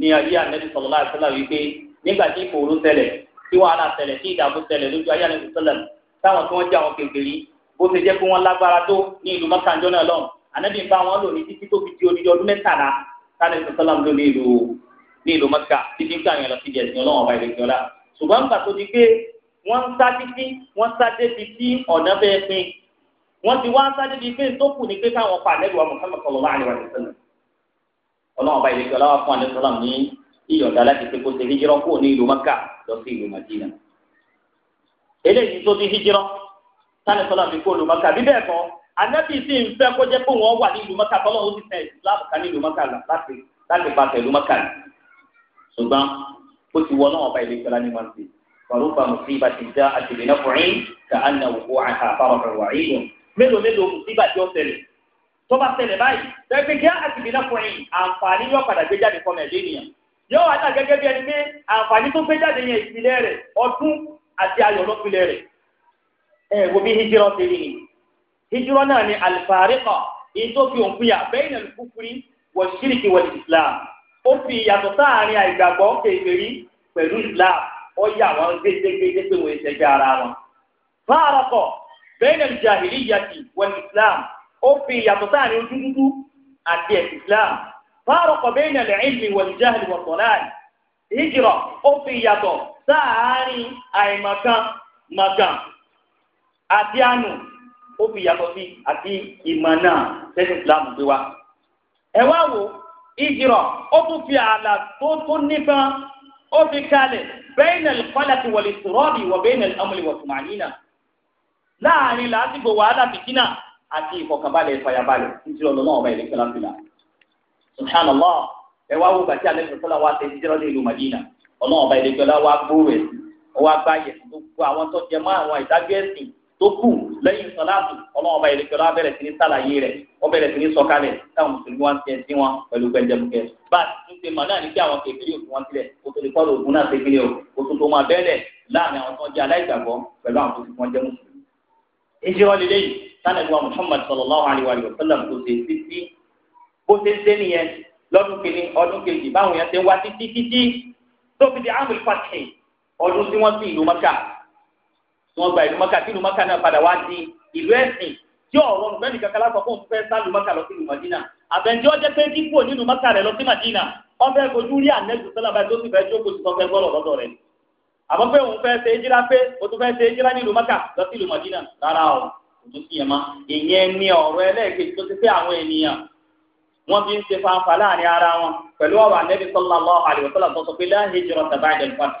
ní ayé ànẹ́bí sọ̀rọ̀ láti sọ́lá wípé nígbà tí ìfòòró ṣẹlẹ̀ tí wàhálà ṣẹlẹ̀ tí ìdààmú ṣẹlẹ̀ lójú ayé ànẹ́bí sọ̀lá ó ti jẹ́ pé wọ́n lágbára tó ní ìlú mọ́kànjọ́ náà lọ́hùn ànábì ń bá wọn lò ní títí tó fi di onídìí ọdún mẹ́tàlá sáré sọ́sọ́lá ló ní ìlú ní ìlú mọ́kà títí ń sàyàn lọ sí ìjẹ̀sìn ọlọ́wọ́n ọba ìrètí ọlá ṣùgbọ́n nígbà tó di pé wọ́n ń sá títí wọ́n sá débi tí ọ̀nà bẹ́ẹ̀ pin wọ́n ti wá ń sá débi pé tó kù ní pé káwọn pa àlẹ́ ìwà Muhammad sallallahu alaihi wasallam ọlọ́wọ́n ọba ìrètí ọlá wà fún sani sọlá mi kó lùmọ́kà bí bẹ́ẹ̀ kọ́ anábì sì ń fẹ́ kó jẹ́ pé wọ́n wà ní lùmọ́kà tọ́lọ́ ó ti tẹ̀ láàbù ká ní lùmọ́kà láti láti bá tẹ̀ lùmọ́kà ni ṣùgbọ́n ó ti wọ náà ọba ilé ìjọba ní wọn ti farufa musiba ti dá àtìlẹ́ náà fòrin ká á nà wò wá àhà fáwọn wà ìlú mélòó mélòó musiba ti ó ṣẹlẹ̀ tó bá ṣẹlẹ̀ báyìí tẹ́gbẹ́ já àtìlẹ́ náà fòrin àǹfààní yóò padà gbé jáde fọmọ ẹ̀dẹ́ nìyẹn yóò wá náà gẹ́gẹ́ bí ẹni pé àǹfààní tó gbé jáde yẹn ìpìlẹ̀ rẹ̀ ọdún àti ayọ̀ lọ́pìlẹ̀ rẹ̀ ẹ eh, wo bí hijirọ ti rí ni hijirọ náà ni alifariqa èyí fi òun fìyà bẹ́ẹ̀ ní alukufuri wọ ṣíríkì wọ islam ó fi sáàárín àìgbàgbọ́ pẹ̀lú islam ó yà wọn gbẹdẹgbẹdẹ pé wọn ṣẹgbẹ ara wọn. bẹ́ẹ̀ wọ islam ó fi sáàárín islam fáàrọ̀kọ̀ bẹ́ẹ̀ ní alilmi wọ wọ ó fi sáàárín àìmọ̀kan mọ̀kan. àti àánú ó fi yàtọ̀ sí àti ìmọ̀ náà sẹ́ni islam gbé wa. ẹ wá wo ìjìrọ̀ ó tún fi ààlà tó tó nífan ó fi kalẹ̀ bẹ́ẹ̀nà kọ́lẹ̀tì wọlé sùrọ́ọ̀dì wọ bẹ́ẹ̀nà ọmọlẹ̀ wọ tùmàníìnà láàrin làásìgbò wàhálà fìtínà àti ìfọkànbalẹ̀ ìfàyàbalẹ̀ ìjìrọ̀ lọ́nà ọba ìlẹ́kẹ́ láfìlà. subhanallah ẹ wá wo bàtí alẹ́ wa tẹ ìjìrọ̀ lé ìlú madina ọlọ́run ọba ìlẹ́kẹ́ lá gbáyẹ̀ gbogbo àwọn tó jẹ mọ́ tó kù lẹ́yìn sọ́láàtù ọlọ́wọ́n bá yẹlẹ pẹ̀lú abẹ́rẹ́ sí ní sàlàyé rẹ̀ wọ́n bẹ̀rẹ̀ sí ní sọ̀kalẹ̀ táwọn mùsùlùmí wá ń tiẹ̀ sí wọn pẹ̀lú gbẹ̀dẹ̀mùkẹ́. bá a ti tún ṣe màá náà ní kí àwọn kékeré òkú wọn tilẹ̀ kó tó lè kọ́ lóògùn náà ṣègbè o kó tó tó máa bẹ́ẹ̀lẹ̀ láàrin àwọn tó ń jẹ́ aláìgbàgbọ́ pẹ̀lú àwọn tó ti fún ọjọ́ mùsùlùmí wọ́n gba ìlú mọ́kà tí ìlú mọ́kà náà padà wá di ìlú ẹ̀sìn tí ọ̀rọ̀ ọ̀rùn mẹ́rin kankan lásán fún fẹ́ sá ìlú mọ́kà lọ sí ìlú Madina àbẹ̀njẹ́ ọjọ́ pé dípò nínú mọ́kà rẹ̀ lọ sí Madina wọ́n fẹ́ fojú rí ànẹ́jù sọ́lá bá tó sì fẹ́ jókòó sí sọ́fẹ́ gbọ́dọ̀ lọ́dọ̀ rẹ̀ àmọ́ pé òun fẹ́ ṣe hijira pé o tún fẹ́ ṣe hijira nílùú mọ́kà lọ sí ìlú Madina rárá o kò sí yẹn ma ìyẹn ni ọ̀rọ̀ ẹlẹ́ẹ̀kejì tó ti pé àwọn ènìyàn wọ́n fi ń ṣe fanfa láàrin ara wọn pẹ̀lú ọ̀rọ̀ ànẹ́bí sallallahu alaihi wasallam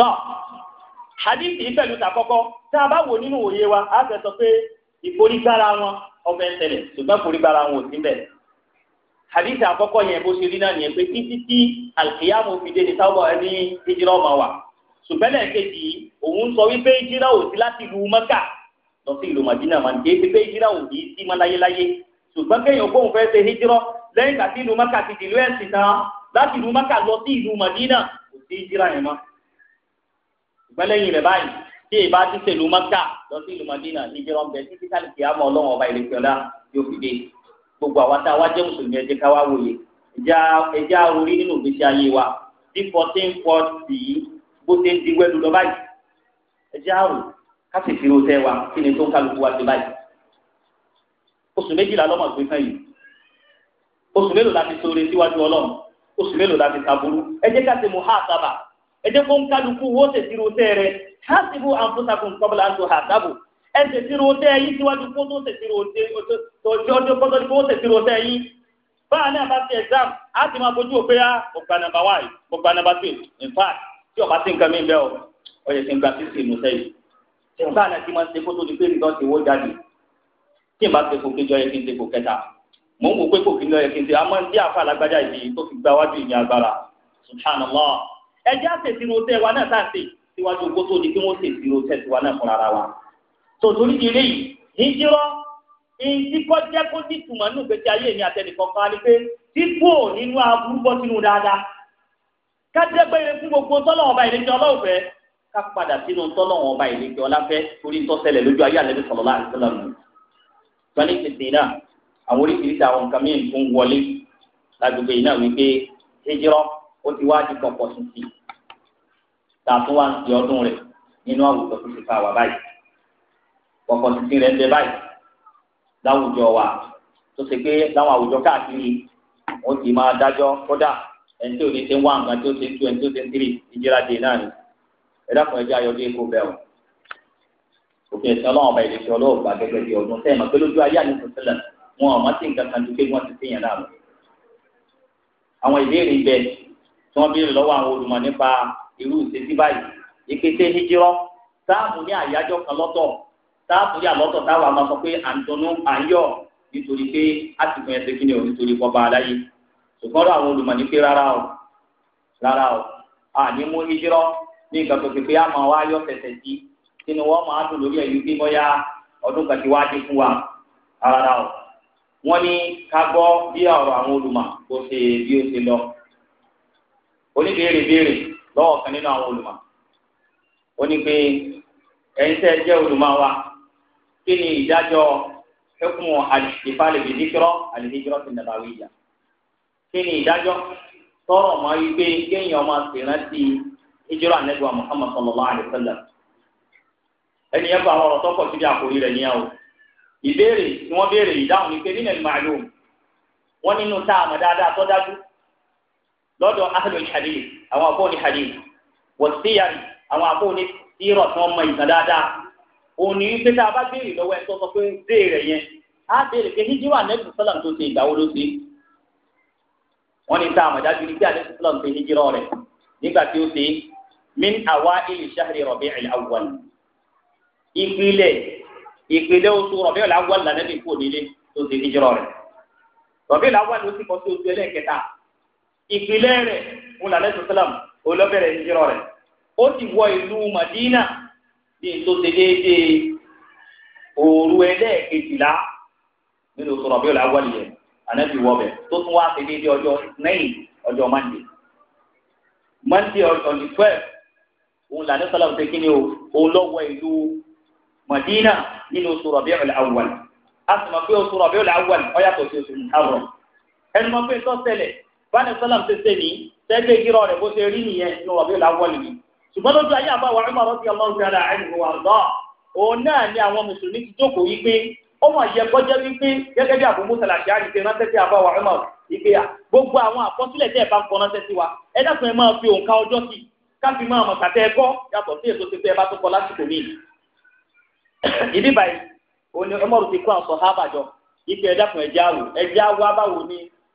tọ́ hadith yìí pẹ̀lú tàkọ́kọ́ tá a bá wò nínú òye wa á fẹ́ sọ pé ìforígbára wọn ọbẹ̀ ń tẹ̀lẹ̀ ṣùgbọ́n ìforígbára wọn ò sí bẹ̀. hadith àkọ́kọ́ yẹn bó ṣe rí náà nìyẹn pé títí tí alikiyamu fi dé ní sábà ní hijira ọmọ wa ṣùgbọ́n lẹ́ẹ̀kejì òun sọ wípé hijira ò sí láti ìlú mẹ́kà lọ sí ìlú madina mà ní pé hijira ò ní sí mọ́ láyéláyé ṣùgbọ́n kéèyàn kóun fẹ́ ṣe hijira lẹ́yìn tàbí ìlú mẹ́kà ti dìlú ẹ̀sìn tán láti ìlú mẹ́kà lọ sí ìlú madina ìgbẹ́lẹ́yìn rẹ̀ báyìí tí ìbá ti ṣèlú mọ́tà lọ sí ìlú mọ́dínà níbi wọn bẹ títí káàlì kìí àmọ́ ọlọ́run ọba ìrètí ọ̀la yóò fi dé gbogbo àwa tá a wá jẹ́ mùsùlùmí ẹ jẹ́ ká wá wòye ẹ jẹ́ àròrí nínú ìgbésí ayé wa bí fourteen forty yìí bó ṣe ń di wẹ́lú lọ báyìí ẹ jẹ́ àrò ká sì fi rotẹ́ wa kí ni tó ń kálukú wa ti báyìí oṣù méjìlá lọ́mọ ìpín kan yìí oṣù mélòó la ti ṣoore síwájú ọlọ́run oṣù mélòó la ti ṣàbúrú ẹ jẹ́ ká ṣe mùhásábà ẹ jẹ́ kó ń kálukú wó tẹ̀síro tẹ́ rẹ̀ hasibu anfusakum qabla an tuhasabu ẹ tẹ̀síro tẹ́ yín síwájú kó tó tẹ̀síro tẹ́ ọjọ́ ọjọ́ kó tó tẹ̀síro tẹ́ yín báwa náà bá ti exam á ti máa bójú òpé á ah, ọgbà nàmbà wáyé ọgbà nàmbà two in fact tí ọba ti ń kàmí bẹ́ẹ̀ o ọ yẹ kí n gba fífi ìmú sẹ́yìn tí n bá náà ti máa ń ṣe kó tó di pé nǹkan ti wó jáde tí n bá ṣe kó kejì ọ yẹ kí n ṣe kó kẹta mò ń wò pé kó kejì ọ yẹ kí n ṣe àmọ́ ní àfa alágbájá yìí tó fi gba wájú ìní agbára subhanallah ẹjẹ́ àtẹ̀sínú tẹ́ wa náà sáàsì síwájú owó tó di kí wọ́n tẹ̀sínú tẹ́ tiwa náà fúnra ra wa. tòtòrí di eléyìí hijirọ́ èyí kọ́ jẹ́ kó ní ìtumọ̀ nínú ìgbésí ayé mi àtẹnìkan kan ni pé dípò nínú aburú bọ́ sínú dáadáa ká jẹ́ pé fún gbogbo tọ́lọ́wọ́n ọba ìlẹ́jọ́ ọlọ́ọ̀fẹ́ ká padà sínú tọ́lọ́wọ́n ọba ìlẹ́jọ́ ọláfẹ́ torí ń tọ́sẹ̀lẹ̀ lójú ayé àlẹ́ sọ̀rọ̀lá àdìsọ́lọ́mù. tọ́lí tètè náà àwọn oríṣiríṣi àwọn nǹkan mìíràn tó ń wọlé lágbègbè náà wípé hijirọ́ ó ti wá di kọ̀ọ̀kọ̀ tuntun tààtú wá ń ṣe ọdún rẹ̀ nínú àwùjọ tó ti fa wà báyìí kọ̀ọ̀kan títí rẹ̀ ń bẹ báyìí láwùjọ wa tó ṣe pé láwọn àwùjọ káàkiri wọ́n ti máa dájọ́ kódà ẹni tí ò ní ṣe ń wá nǹkan tí ó ṣe ń tú ẹni tí ó ṣe ń tiri ìjíra dè náà ni ẹ dákun ẹjẹ ayọ̀dé kó bẹ́ẹ̀ o òfin ẹ̀sìn ọlọ́run ọba ìdíṣẹ́ ọlọ́run gba gẹ́gẹ́ bí ọdún sẹ́yìn pẹ̀lú ojú ayé àní sọ̀tẹ́lẹ̀ wọn ọ̀mọ́ sí nǹkan kan ju pé wọ́n ti fi náà lọ. àwọn ìbéèrè ibẹ̀ tí wọ́n béèrè lọ́wọ́ àwọn olùmọ̀ nípa irú ìṣesí báyìí ìpèsè hijirọ táàmù ní àyájọ́ kan lọ́tọ̀ táàmù yà lọ́tọ̀ táwọn àmọ́ sọ pé à ń dunnú à ń yọ̀ nítorí pé a ti fún ẹsẹ̀ kíni o nítorí kọba aláyé ṣùgbọ́n lọ àwọn olùmọ̀ ní pé rárá o rárá o à ní mú hijirọ ní nǹkan tó fi pé a máa wá yọ tẹ̀tẹ̀ sí sínú wọn máa dùn lórí ẹ̀yìn bí bóyá ọdún kan ti wá dé fún wa rárá o wọn ní ká gbọ́ bí ọ̀rọ̀ àwọn olùmọ̀ kó ṣe bí ó ṣe lọ oníbèrè béèrè lọ́wọ́ kan nínú àwọn olùmọ̀ ó ní pé ẹ̀yin tẹ́ ẹ jẹ́ olùmọ̀ wa kí ni ìdájọ́ ẹkùn àlìfàlẹ̀ bìdíkírọ́ àlìdíkírọ́ ti nàbà wíjà kí ni ìdájọ́ tọrọ mọ́ wípé kéèyàn máa ṣèrántí ìjírọ̀ ànẹ́gbẹ̀wá Muhammad sallallahu alaihi wasallam ẹni yẹn bá àwọn ọ̀rọ̀ tọ́kọ̀ síbi àkórí rẹ̀ níyà o ìbéèrè tí wọ́n béèrè ìdáhùn ni pé nínú ẹ̀ máa lò wọ́n nínú tá a dáadáa tó dájú lọ́dọ̀ ahlul hadith àwọn àpò ní hadith wọ̀síyàrì àwọn àpò ní sírọ̀ tí wọ́n mọ ìtàn dáadáa òní pé tá a bá béèrè lọ́wọ́ ẹ̀ tó sọ pé béèrè rẹ̀ yẹn á béèrè pé híjíwà nẹ́bùsù sọ́làm tó ṣe ìgbà wo ló ṣe wọ́n ní tá a mọ̀ dájú ní pé àdébùsù sọ́làm ṣe híjírọ̀ rẹ̀ nígbà tí ó ṣe min awa'il shahri rabi'il awwal ìpìlẹ̀ ìpìlẹ̀ oṣù rabi'il awwal lànà ìpìlẹ̀ rẹ̀ wọn làlẹ́ sọ́sálàmù olóbẹ̀rẹ̀ ìjírọ̀ rẹ̀ ó ti wọ ìlú Madina ní tó ṣe déédéé òru ẹlẹ́ẹ̀kejìlá nínú sọ̀rọ̀ bí ọ̀là wọlé yẹn ànábì wọbẹ̀ tó tún wá ṣe déédéé ọjọ́ nẹ́yìn ọjọ́ mande mande ọjọ́ ní twelve òun làlẹ́ sọ́sálàmù ṣe kíni o òun ìlú Madina nínú sọ̀rọ̀ bí ọ̀là wọlé a sì mọ̀ pé oṣù ọ̀là wọlé ọ sí oṣù nìkan rọ̀ pé tó bani sọlọm ti sẹ ní sẹgbẹ yírọ rẹ bó ṣe rí nìyẹn ní ọbẹ làwọn nìyí ṣùgbọ́n lójú ayé àbá wa Umar radiyallahu ta'ala anhu àrùbá òun náà ni àwọn mùsùlùmí ti jókòó yìí pé ó mọ̀ yẹ kọjá wípé gẹ́gẹ́ bí Abu Musa al-Ash'ari ṣe ránṣẹ́ sí àbá wa Umar ìpè à gbogbo àwọn àkọsílẹ̀ tẹ́ ẹ̀ bá ń kọ ránṣẹ́ sí wa ẹ dákun ẹ máa fi òǹkà ọjọ́ sí i káfí máa mọ̀ kàtẹ́ ẹ̀kọ́ yàtọ̀ sí èso tẹ́tẹ́ ẹ bá tó kọ lásìkò míì. ìdí báyìí òun ni Umar ti kó àwọn sọ̀hábà jọ ìpè ẹ dákun ẹ̀já wò ẹ̀já wò abáwo ni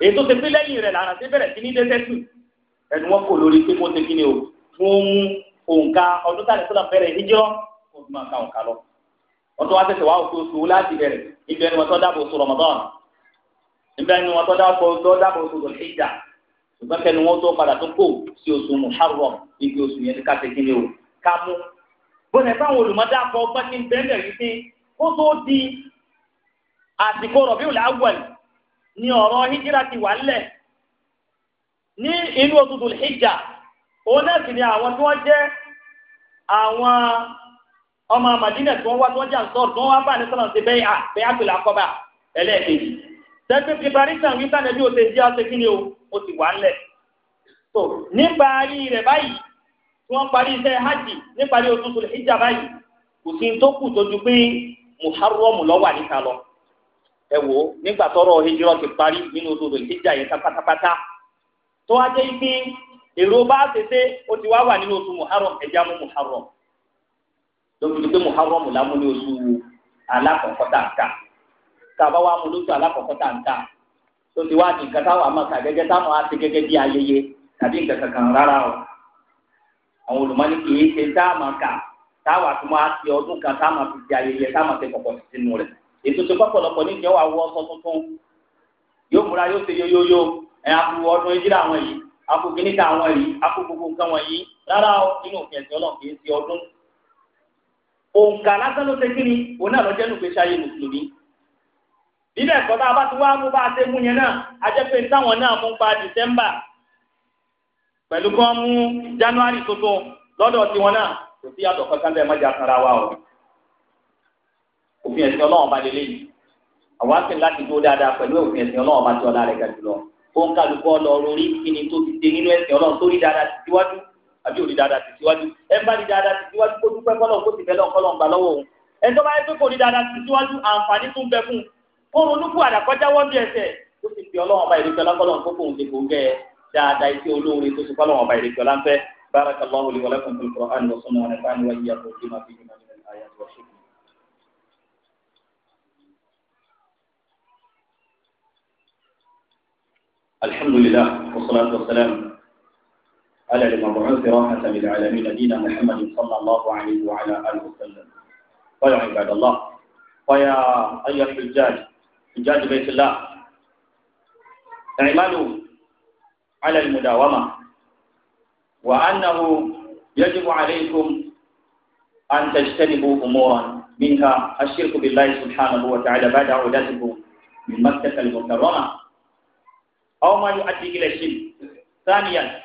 ètò ti pín lẹ́yìn rẹ̀ lára ti bẹ̀rẹ̀ sí ní dẹ́sẹ́tù ẹnu wọn kò lórí pé mo ti kí ni o fún òǹkà ọdún tàbí sọ́dọ̀ bẹ̀rẹ̀ hijrọ́ kò tún máa ka òǹkà lọ. wọ́n tún wá tẹ̀sẹ̀ wá òkú oṣù láti bẹ̀rẹ̀ ibẹ̀ ni wọ́n tọ́ dáàbò oṣù Ramadan ibẹ̀ ni wọ́n tọ́ dáàbò oṣù Dhul-Hijjah ṣùgbọ́n kẹ́ni wọ́n tó padà tó kó sí oṣù Muharram ibi oṣù yẹn ká ti kí ni o ká mú. bọ́dà táwọn olùmọ̀dá ni ọ̀rọ̀ hijira ti wà lẹ̀ ní inú oṣù tó hijja òun náà sì ni àwọn tí wọ́n jẹ́ àwọn ọmọ Madina tí wọ́n wá tí wọ́n jẹ́ àǹsọ́ọ̀rù tí wọ́n wá bá ní sọ́nà ṣe bẹ́ẹ̀ à bẹ́ẹ̀ àpèlè àkọ́bà ẹlẹ́ẹ̀kejì tẹ́gbẹ́ preparation wípé ànẹ́bí ò ṣe jẹ́ ọ̀ṣẹ́ kí ni o ó ti wà lẹ̀ tó nípa ayé rẹ̀ báyìí tí wọ́n parí iṣẹ́ hajj nípa ayé oṣù hijja báyìí kò sí tó kù tó ju pé muharram lọ́wọ́ àníkà lọ ẹ wò ó nígbà tọrọ hijira ti parí nínú odòdó ìdíjà yìí pátápátá tó wá jẹ́ ibi èrò bá tètè ó ti wá wà nínú oṣù muharram ẹ̀já mú muharram lórí ti pé muharram lámú ní oṣù alákọ̀ọ́kọ́ tàǹtà tàbá wa mú lóṣù alákọ̀ọ́kọ́ tàǹtà tó ti wá di nǹkan táwọn amáka gẹ́gẹ́ táwọn á ti gẹ́gẹ́ bí ayẹyẹ tàbí nǹkan kankan rárá o àwọn olùmọ́ni kì í ṣe táwọn amáka táwọn àtúmọ̀ á ti ọdún kan táwọn àti ti ayẹyẹ táwọn àti kọ̀kọ̀ sínú rẹ̀ ètò tó pọ̀pọ̀lọpọ̀ níjẹ́ wà wọ ọsọ tuntun yóò múra yóò ṣe yóyóyó ẹ̀ àpò ọdún ìdílé àwọn yìí àpò kìíní ta àwọn yìí àpò gbogbo nǹkan wọ̀nyí rárá o nínú òfin ẹ̀sìn ọlọ́run kìí ṣe ọdún. òǹkà lásán ló ṣe kí ni òun náà lọ́jọ́ nù gbèsè ayé mùsùlùmí. bíbẹ̀ ẹ̀kọ́ tá a bá ti wá mú bá a ṣe mú yẹn náà a jẹ́ pé táwọn náà mú pa December pẹ̀lú kí wọ́n mú January tuntun lọ́dọ̀ tiwọn náà kò sí yàtọ̀ kankan bẹ́ẹ̀ mọ́jà sanra òfin ẹ̀sìn ọlọ́run ọba lélẹ́ yìí àwa sì láti dúró dáadáa pẹ̀lú òfin ẹ̀sìn ọlọ́run ọba tí ọlá rẹ̀ ga jùlọ ó ń kálukú ọ lọ rorí kíni tó ti dé nínú ẹ̀sìn ọlọ́run tó rí dáadáa ti síwájú àbí ò rí dáadáa ti síwájú ẹ bá rí dáadáa ti síwájú kó dúpẹ́ kọ́lọ́ kó sì fẹ́ lọ́ kọ́lọ́ gbà lọ́wọ́ òun ẹ tó bá yẹ pé kò rí dáadáa ti síwájú àǹfààní tún bẹ fún un kó ronúkú àdàkọ́já wọ́n bí ẹsẹ̀ ó sì fi ọlọ́run ọba ìrètí الحمد لله والصلاة والسلام على المبعوث راحة للعالمين دين محمد صلى الله عليه وعلى آله وسلم فيا عباد الله فيا أيها الحجاج حجاج بيت الله اعملوا على المداومة وأنه يجب عليكم أن تجتنبوا أمورا منها الشرك بالله سبحانه وتعالى بعد عودتكم من مكة المكرمة أو ما يؤدي إلى الشرك ثانيا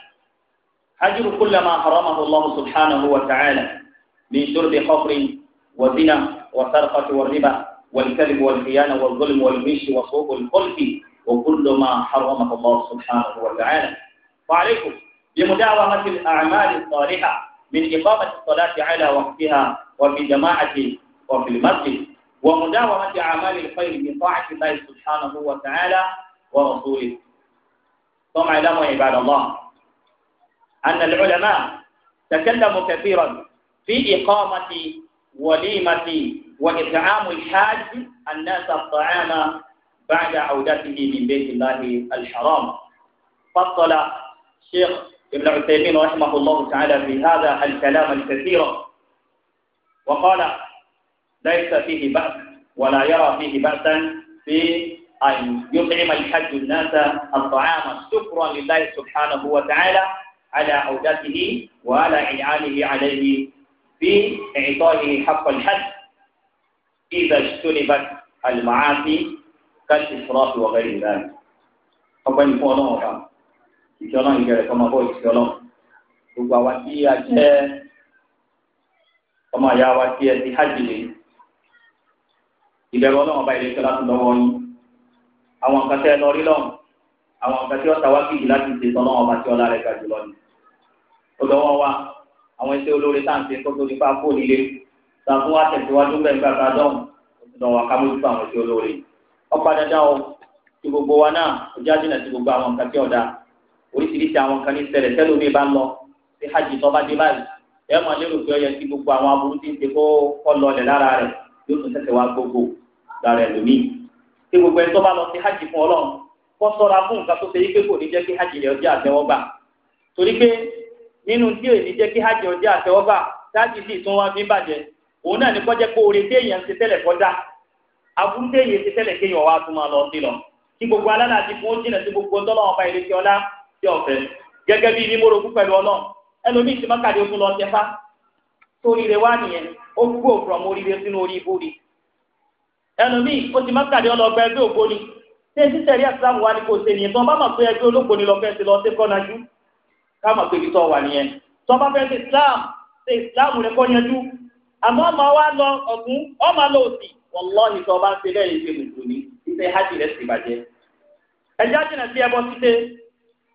هجر كل ما حرمه الله سبحانه وتعالى من شرب خمر وزنا وسرقة والربا والكذب والخيانة والظلم والغش وسوء الخلق وكل ما حرمه الله سبحانه وتعالى وعليكم بمداومة الأعمال الصالحة من إقامة الصلاة على وقتها وفي جماعة وفي المسجد ومداومة أعمال الخير بطاعة الله سبحانه وتعالى ورسوله ثم اعلموا عباد الله أن العلماء تكلموا كثيرا في إقامة وليمة وإطعام الحاج الناس الطعام بعد عودته من بيت الله الحرام فصل شيخ ابن عثيمين رحمه الله تعالى في هذا الكلام الكثير وقال ليس فيه بأس ولا يرى فيه بأسا في أن يطعم الحج الناس الطعام شكرا لله سبحانه وتعالى على عودته وعلى إنعامه عليه في إعطائه حق الحج إذا اجتنبت المعاصي كالإسراف وغير ذلك. ọgbẹni fún Ọlọ́run ọba ìṣẹ Ọlọ́run ìjẹrẹ kọmọ bọ ìṣẹ Ọlọ́run gbogbo àwa tí a jẹ ọmọ àyà wa tí ẹ ti hajj lè ìbẹ̀rù Ọlọ́run ọba ìrẹsẹ láti lọ́wọ́ yín àwọn nǹkan tẹ́ lọ rí lọ́hùn àwọn nǹkan tí ó tàwa kìí láti ṣe tọ́lọ́ ọba tí ọlá rẹ̀ ga jùlọ ni. olówó wa àwọn iṣẹ́ olóore tá à ń ṣe tó torí pápó nílé sàfún wa tẹ̀síwájú bẹ́ẹ̀ gbà ká dọ́hùn lọ́wọ́ wa ká mójútó àwọn iṣẹ́ olóore. ọ̀pá dandan o ti gbogbo wa náà ó jáde náà ti gbogbo àwọn nǹkan tí ọ̀dà oríṣiríṣi àwọn nǹkan ní ṣẹlẹ̀ tẹ́lẹ̀ omi bá ń lọ sí hajj tó bá dé báyìí ẹ máa lérò pé ó pé gbogbo ẹni tó bá lọ sí hajj fún ọlọ́run kó sọ́ra fún nǹkan tó ṣe yí pé kò ní jẹ́ kí hajj rẹ̀ ọjọ́ àtẹ́wọ́gbà torí pé nínú tí ò ní jẹ́ kí hajj ọjọ́ àtẹ́wọ́gbà táàjì sì tún wá fi bàjẹ́ òun náà ní kọ́jẹ́ pé oore téèyàn ti tẹ́lẹ̀ kọjá aburú téèyàn ti kéèyàn wá tún máa lọ sí lọ kí gbogbo alára àti fún jìnà sí gbogbo tọ́lọ́wọ́n ẹlòmíì ó ti mákàdé ọlọgbà ẹgbẹ́ ògbó ni ṣé sísẹrí àtìlámù wa ni kò ṣe nìyẹn tó bá mọ̀ pé ẹgbẹ́ olóògbó ni lọfẹ ṣe lọ sí kọnájú ká mọ̀ pé ibi tó wà nìyẹn tó bá fẹ́ ṣe islam ṣe islam rẹ kọ yanjú àmọ́ ọmọ wa lọ ọ̀tún ọmọ lọ òsì wọlọhìn tó bá ń ṣe lẹ́yìn ṣe mùsùlùmí ṣe hajj rẹ sì bàjẹ́ ẹjẹ àjìnà sí ẹbọ títẹ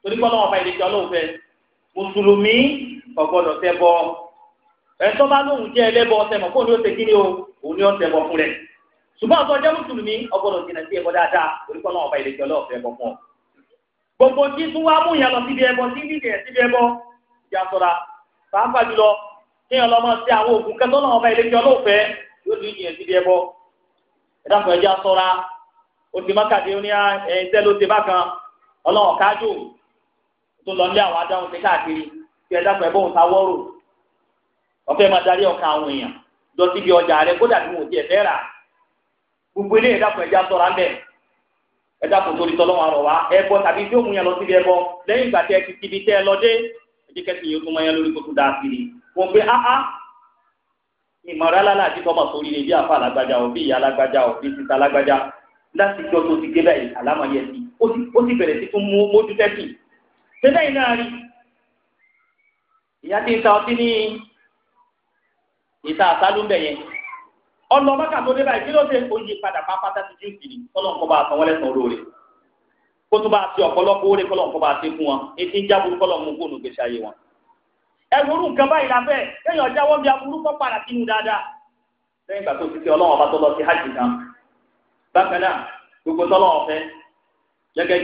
torí kọ́ lọ́wọ́ báyìí lẹ́jọ́ lóun fẹ́ mùsùlùmí ọ̀gbọ́dọ̀ tẹ ṣùgbọ́n ọ̀tọ̀ jẹ́ mùsùlùmí ọgbọ́dọ̀ jìnnà sí ẹbọ dáadáa orúkọ náà ọba ìlẹ̀kẹ́ ọlọ́ọ̀fẹ́ ẹbọ fún ọ. gbogbo tí tún wá mú síbi ẹbọ síbi ẹbọ ìjà pàápàá jùlọ kí lọ àwọn kẹtọ́ náà ọba ọlọ́ọ̀fẹ́ yóò ní ìyẹn síbi ẹbọ. ẹ mọ́kàdé ní ti ọ̀fẹ́ gbogbo eléyìí dàpọ̀ ẹja sọ̀rọ̀ àmbẹ̀ ẹja kò torí tọ́lọ́wọ́n àrọ̀ wá ẹbọ tàbí tí ó mú yẹn lọ síbi ẹbọ lẹ́yìn ìgbà tí ẹ ti tibi tẹ́ ẹ lọ dé ẹjẹ kẹsì yóò tún mọ yẹn lórí kótó dáa sí wọn pé áá ìmọ̀ràn alála àti tọ́mọ̀ sórí ni bí àfa alágbájá o bí ìyá alágbájá o bí títa alágbájá láti jọ tó ti gé báyìí àlámọ̀yẹ sí ó sì bẹ̀rẹ̀ sí fún mójú tẹ́sì tẹ́lẹ̀ yìí náà rí ìyá tí ọlọ maka tó dé báyìí kí ló ṣe oyè padà bá pátá ti jíǹsì ni kọlọ́n bá a san wọlé san olóore kó tó bá ṣe ọ̀pọ̀lọpọ̀ bá ṣe fún wọn etí ń jábọ̀ kọlọ́n kó nu gbèsè ayé wọn. ẹgbẹ́rún nǹkan báyìí la fẹ́ kéèyàn jáwọ́ bí aburú padà sínú dáadáa lẹ́yìn ìgbà tó ti fi gbogbo fẹ́ gẹ́gẹ́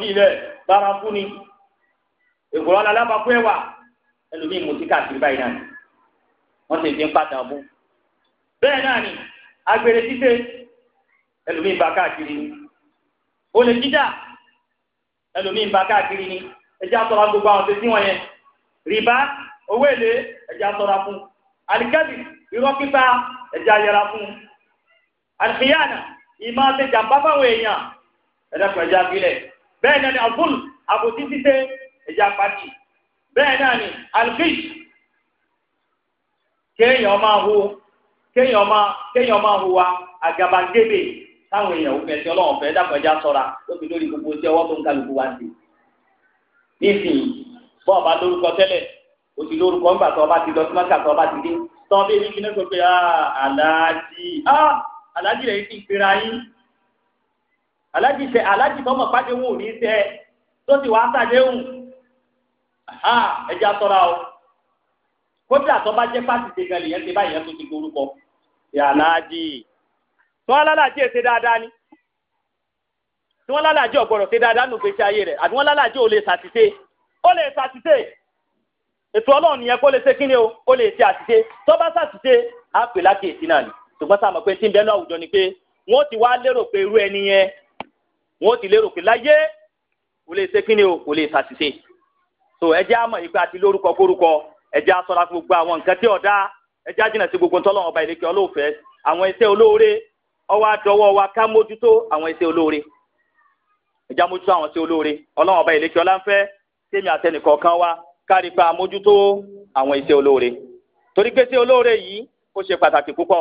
bí tí èkòrọ́ la lábàá fún ẹwà ẹlòmíì mutí káàkiri báyìí náà ni wọ́n sì fi ń pàtàkì ọ̀bùn. bẹ́ẹ̀ náà ni agbèrè títẹ ẹlòmíì bá káàkiri ni olè jíjà ẹlòmíì bá káàkiri ni ẹjẹ́ àtọ́ra gbogbo àwọn tẹ̀sí wọn yẹn rìbá owó èlé ẹjẹ́ àtọ́ra fún alikẹ́bì irọ́ pípa ẹjẹ́ ayẹra fún alikiyana ìmọ̀ àti jàmbá fáwọn èèyàn ẹ̀dẹ́kùn ẹjẹ́ àfilẹ̀ bẹ́ẹ̀ náà ni àbúl àbòtí títẹ ẹja pàtì bẹ́ẹ̀ náà ni alfish kéèyàn máa hu kéèyàn máa kéèyàn máa hùwà àgàbàgebè táwọn èèyàn ò fẹsẹ̀ ọlọ́run fẹ́ dàpọ̀ ẹja sọ́ra lóbi lórí gbogbo tí ọwọ́ tó ń kálukú wá sí nísìnyí bọ́ọ̀ bá lórúkọ tẹ́lẹ̀ òsì lórúkọ ńgbà tó ọba ti lọ sí mọ́tà tó ọba ti dé tọ́ bí ebi fi náà sọ pé ah, aláàjì ah, aláàjì rẹ̀ ti pera yín aláàjì tẹ aláàjì tọmọ pàdé wọn ní tẹ tó ti wàá sàdéhùn ha ẹjẹ atọ́ra o kódà tó bá jẹ́ fásitì gan lèyẹn ti báyìí yẹn tó ti gorúkọ yàlájì tí wọ́n lálàjì èsè dáadáa ni tí wọ́n lálàjì ọ̀gbọ̀rọ̀ ṣe dáadáa nù gbèsè ayé rẹ̀ àti wọ́n lálàjì ò lè ṣàtìṣe ó lè ṣàtìṣe ètò ọlọ́run nìyẹn kó lè ṣe kíni o ó lè ṣe àtìṣe tó bá ṣàtìṣe á pè lákèésí náà ni ṣùgbọ́n sáà mọ̀ pé tí ń bẹ́ẹ̀ náà àwùjọ ni pé wọ́n ti wá lérò pé irú ẹni yẹn wọ́n ti lérò pé láyé kò lè ṣe kíni o kò lè ṣàtìṣe so ẹjẹ́ àmọ̀ yìí pé àti lórúkọ kórúkọ ẹjẹ́ aṣọra gbogbo àwọn nǹkan tí ọ̀dá ẹjẹ́ àjìnà sí gbogbo ntọ́lọ́ ọba ìlẹ́kẹ́ ọlọ́ọ̀fẹ́ àwọn iṣẹ́ olóore ọwọ́ àdọ́wọ́ wa ká mójútó àwọn iṣẹ́ olóore ẹjẹ́ àmójútó àwọn iṣẹ́ olóore ọlọ́wọ́n ọba ìlẹ́kẹ́ ọláńfẹ́ tèmi àtẹnìkọ̀ọ̀kan wa kárí pa àwọn iṣẹ́ olóore torí pé iṣẹ́ olóore yìí ó ṣe pàtàkì púpọ̀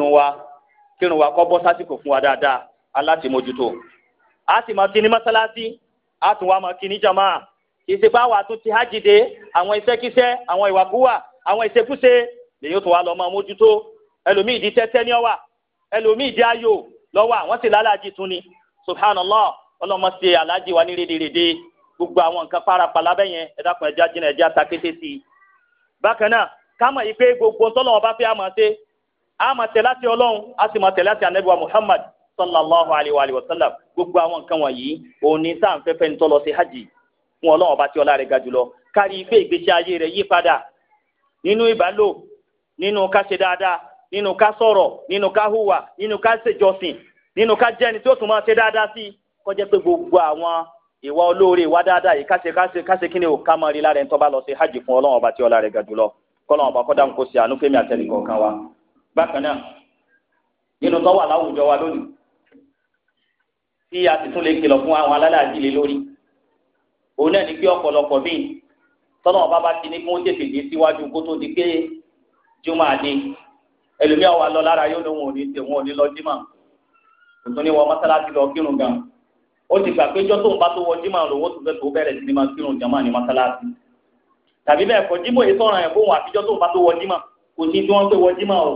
ọba kírun wa kọ́ bọ́ sásìkò fún wa dáadáa aláti mójútó a sì máa kí mọ́sálásí a tún wá máa kí ní jama ìsèpá wa tún ti hájìde àwọn iṣẹ́kíṣẹ́ àwọn ìwàkúwà àwọn ìṣekúṣe lèyìn tún wá lọ máa mójútó ẹlòmíì di tẹ́tẹ́ ní ẹlòmíì di ayò lọ́wọ́ àwọn sì tún ni subhanallah ọlọ́mọ sí wa ní gbogbo àwọn nǹkan yẹn i bákan náà ká mọ̀ yìí pé gbogbo ntọ́lọ́wọ́n bá fẹ́ a máa tẹ̀ láti ọlọ́run a sì máa tẹ̀ láti anabiwa muhammad sallallahu alayhi wa sallam gbogbo àwọn nǹkan wọ̀nyí òun ni sáà ń fẹ́ fẹ́ni tó lọ sí hajj fún ọlọ́run ọba tí ọlá rẹ̀ ga jùlọ kárí pé ìgbésí ayé rẹ̀ yí padà nínú ìbálò nínú ká ṣe dáadáa nínú ká sọ̀rọ̀ nínú ká hùwà nínú ká ṣèjọsìn nínú ká jẹ́ni tí ó tún máa ṣe dáadáa sí kó pé gbogbo àwọn ìwà olóore ìwà dáadáa yìí káṣe káṣe káṣe kí ni ò ká máa rí lára ẹni tó bá lọ sí hajj fún ọlọ́run ọba tí ọlá rẹ̀ ga jùlọ kọ́lọ́run ọba kọ́dà ń kó sí àánú fẹ́mi àtẹnìkọ̀ọ̀kan wa bákan náà nínú tó wà láwùjọ wa lónìí tí a ti tún lè kìlọ̀ fún àwọn alálàájì lé lórí òun náà ní pé ọ̀pọ̀lọpọ̀ míì tọ́nà ọba bá ti ní kí tètè dé síwájú kó tó di pé jùmọ̀ àdé ẹlòmíà wà lọ lára yóò lóun ò ní tẹ̀ wọ́n ò ní lọ jímọ̀ tuntun ni wọ́n mọ́sálásí lọ kírun gan ó ti gbà pé jọ́tò bá tó wọ jímọ̀ lòun ó fẹ́ tó bẹ̀rẹ̀ sí ni máa kírun jàmáà ní mọ́sálásí tàbí bẹ́ẹ̀ kọ́ jímọ̀ yìí sọ̀rọ̀ yẹn fóun àtijọ́ tó ń bá tó wọ jímọ̀ kò sí tí wọ́n pé wọ jímọ̀ o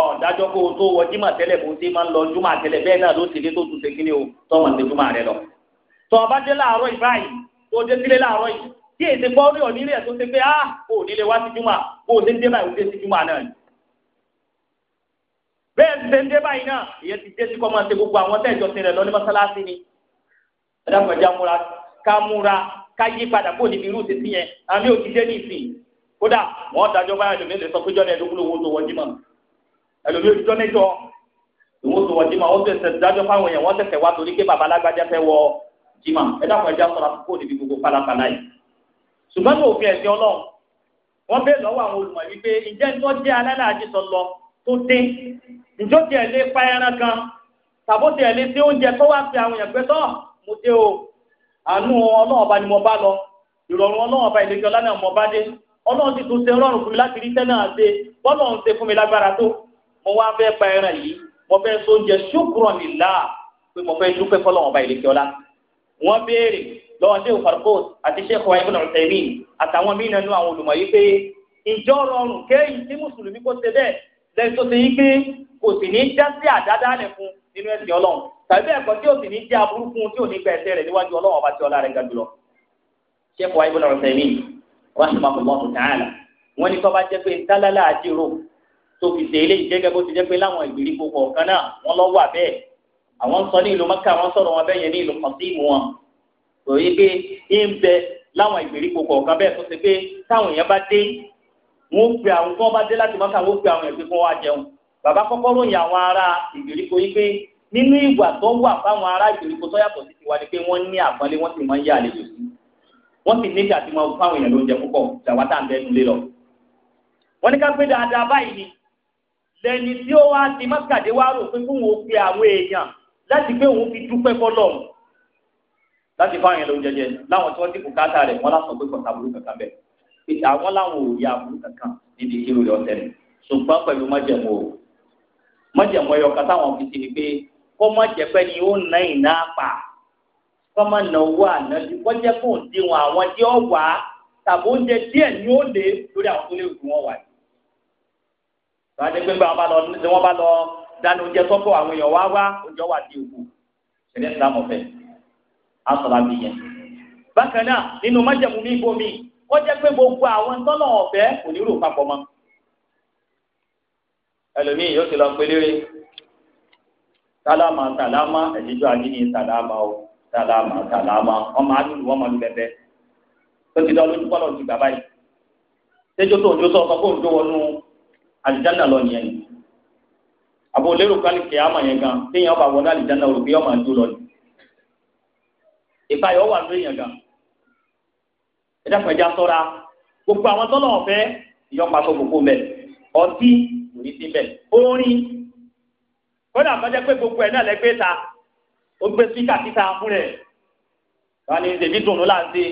ọ dájọ́ kó o tó wọ jimá tẹ́lẹ̀ kó o ti máa ń lọ jumá tẹ́lẹ̀ bẹ́ẹ̀ náà ló ti dé tó tún ṣe kíni o tó wọn ti jumá rẹ lọ. tó o bá dé láàárọ̀ ìbáyìí tó o dé sílé láàárọ̀ yìí tí èsì gbọ́ rí òní rẹ̀ tó ṣe pé ah kò ní lè wá sí jumá kó o ṣe ń dé báyìí o dé sí jumá náà ni. bẹ́ẹ̀ ti ṣe ń dé báyìí náà ìyẹn ti dé sí kọ́ máa ṣe gbogbo àwọn tẹ́jọ ti rẹ̀ lọ ní mọ́sálásí ni. ẹ̀dàgbọ̀njà múra ká múra ká yí padà kó níbi irú títí yẹn àmì òtítẹ́ ní ìsìn ẹlòmíì òtítọ́ mẹ́jọ ìwọ́n tó wọ jimá wọ́n tó ẹsẹ̀ dájọ́ fáwọn èèyàn wọ́n tẹ̀sẹ̀ wá torí pé bàbá alágbájá fẹ́ wọ jimá ẹ dákun ẹja sọ̀rọ̀ àkókò níbi gbogbo pálapàla yìí ṣùgbọ́n ní òfin ẹ̀sìn ọlọ́run wọ́n bẹ́ẹ̀ lọ́wọ́ àwọn olùmọ̀ wípé ǹjẹ́ ní wọ́n jẹ́ alálàájì sọ lọ tó dé ǹjọ́ tiẹ̀ lé pa ẹran kan tàbó tiẹ̀ lé dé oúnjẹ tó wá fi àwọn èèyàn pé tọ́ mo dé o àánú ọlọ́run ọba ni mo bá lọ ìrọ̀rùn ọlọ́run ọba ìlẹ́jọ́ lánàá mo bá dé ọlọ́run ti tún ṣe rọrùn fún mi láti rí tẹ́lẹ̀ àṣe bọ́lọ̀ ń ṣe fún mi lágbára tó mo wá fẹ́ pa ẹran yìí mo fẹ́ sóúnjẹ ṣùkúrọ̀ nílá pé mo fẹ́ dúpẹ́ fọlọ́wọ́n ọba ìlẹ̀kẹ́ ọlá wọ́n béèrè lọ́wọ́ ṣé òfarkos àti ṣé kọ́ ibùdó ọ̀tẹ̀mí àtàwọn míín nínú àwọn olùmọ̀ yìí pé ìjọ rọrùn kéyìn tí mùsùlùmí kò ṣe bẹ́ẹ̀ lẹ́yìn tó ṣe yí pé kò sì ní já sí àdádálẹ̀ fún nínú ẹ̀sìn ọlọ́run tàbí ẹ̀kọ́ tí ò sì ní já burú fún tí ò ní gba ẹ̀ṣẹ̀ rẹ̀ níwájú ọlọ́run ọba tí ọlá rẹ̀ ga jùlọ. ṣé kọ́ ibùdó ọ̀tẹ̀mí wọ́n ti máa fọwọ́ tó fi ṣe eléyìí gẹ́gẹ́ bó ti jẹ́ pé láwọn ìgbèríko kọ̀ọ̀kan náà wọ́n lọ wà bẹ́ẹ̀ àwọn sọ ní ìlú mọ́kà wọ́n sọ̀rọ̀ wọn bẹ́ẹ̀ yẹn ní ìlú kọ̀ọ̀tìmù wọn kò yí pé ń bẹ láwọn ìgbèríko kọ̀ọ̀kan bẹ́ẹ̀ tó ṣe pé táwọn èèyàn bá dé wọ́n pe àwọn tí wọ́n bá dé láti mọ́kà wọ́n pe àwọn èèyàn pé kí wọ́n wá jẹun bàbá kọ́kọ́ ròyìn àwọn ará ìgbèríko yí pé nínú ìwà tó wà fáwọn ará ìgbèríko tó yàtọ̀ sí tiwa ni pé wọ́n ní àpọ́nlé wọ́n ká pé dáadáa báyìí ni lẹ́ni tí ó wá ti mọ́kàdé wá rò pé fún òun fi àwọn èèyàn láti pé òun fi dúpẹ́ fọlọ́ láti fáwọn ẹlòmí jẹjẹ láwọn tí wọ́n ti bùkátà rẹ̀ wọ́n lásán pé kọ̀tà burú kankan bẹ̀ pété àwọn láwọn ò yà burú kankan níbi ìṣirò rẹ̀ ọ̀tẹ̀ rẹ̀ ṣùgbọ́n pẹ̀lú májẹ̀mú o májẹ̀mú ẹyọ kan táwọn fi ti ni pé kọ́ májẹ̀pẹ́ ni ó ná ìná pa kọ́ má na owó ànájú kọ́ jẹ́ kó díwọ̀n àwọn tí tọ́jú pé wọ́n bá lọ ní wọ́n bá lọ dáná oúnjẹ sọ́kọ̀ àwọn èèyàn wá wá oúnjẹ wà ní òkú ṣẹlẹ̀ ìsìlámù fẹ́ asọ̀rọ̀ àbí yẹn. bákan náà nínú májẹ̀mú mi bomi wọ́n jẹ́ pé gbogbo àwọn tọ́nà ọ̀fẹ́ kò ní rò papọ̀ mọ́. ẹlòmíì yóò ti lọ pé lérè sálámà sálámà ẹ̀jíjọ́ àdínní sálámà o sálámà sálámà ọmọ adúlù wọn máa lu tó ti dán lójú kọ́lọ̀ ti gbà báyìí. ṣéjó tó ń jó sọ alijanna lọ nìyẹn ni àbò lérò kálí kìámà yẹn gan téèyàn bá wọlé alijanna o rò pé ọmọ àjò lọ ni ìfàyọ wà lórí yẹn gan ẹ̀dá fẹjá ṣọ́ra gbogbo àwọn tọ́lọ̀ ọ̀fẹ́ ìyọ́pá tó gbogbo mẹ́ ọtí lórí sí mẹ́ orin kódà àbájá pé gbogbo ẹ̀ náà lẹ́gbẹ́ ta o gbé síkà síta fún rẹ̀ wọn ni dèbí dùnú láti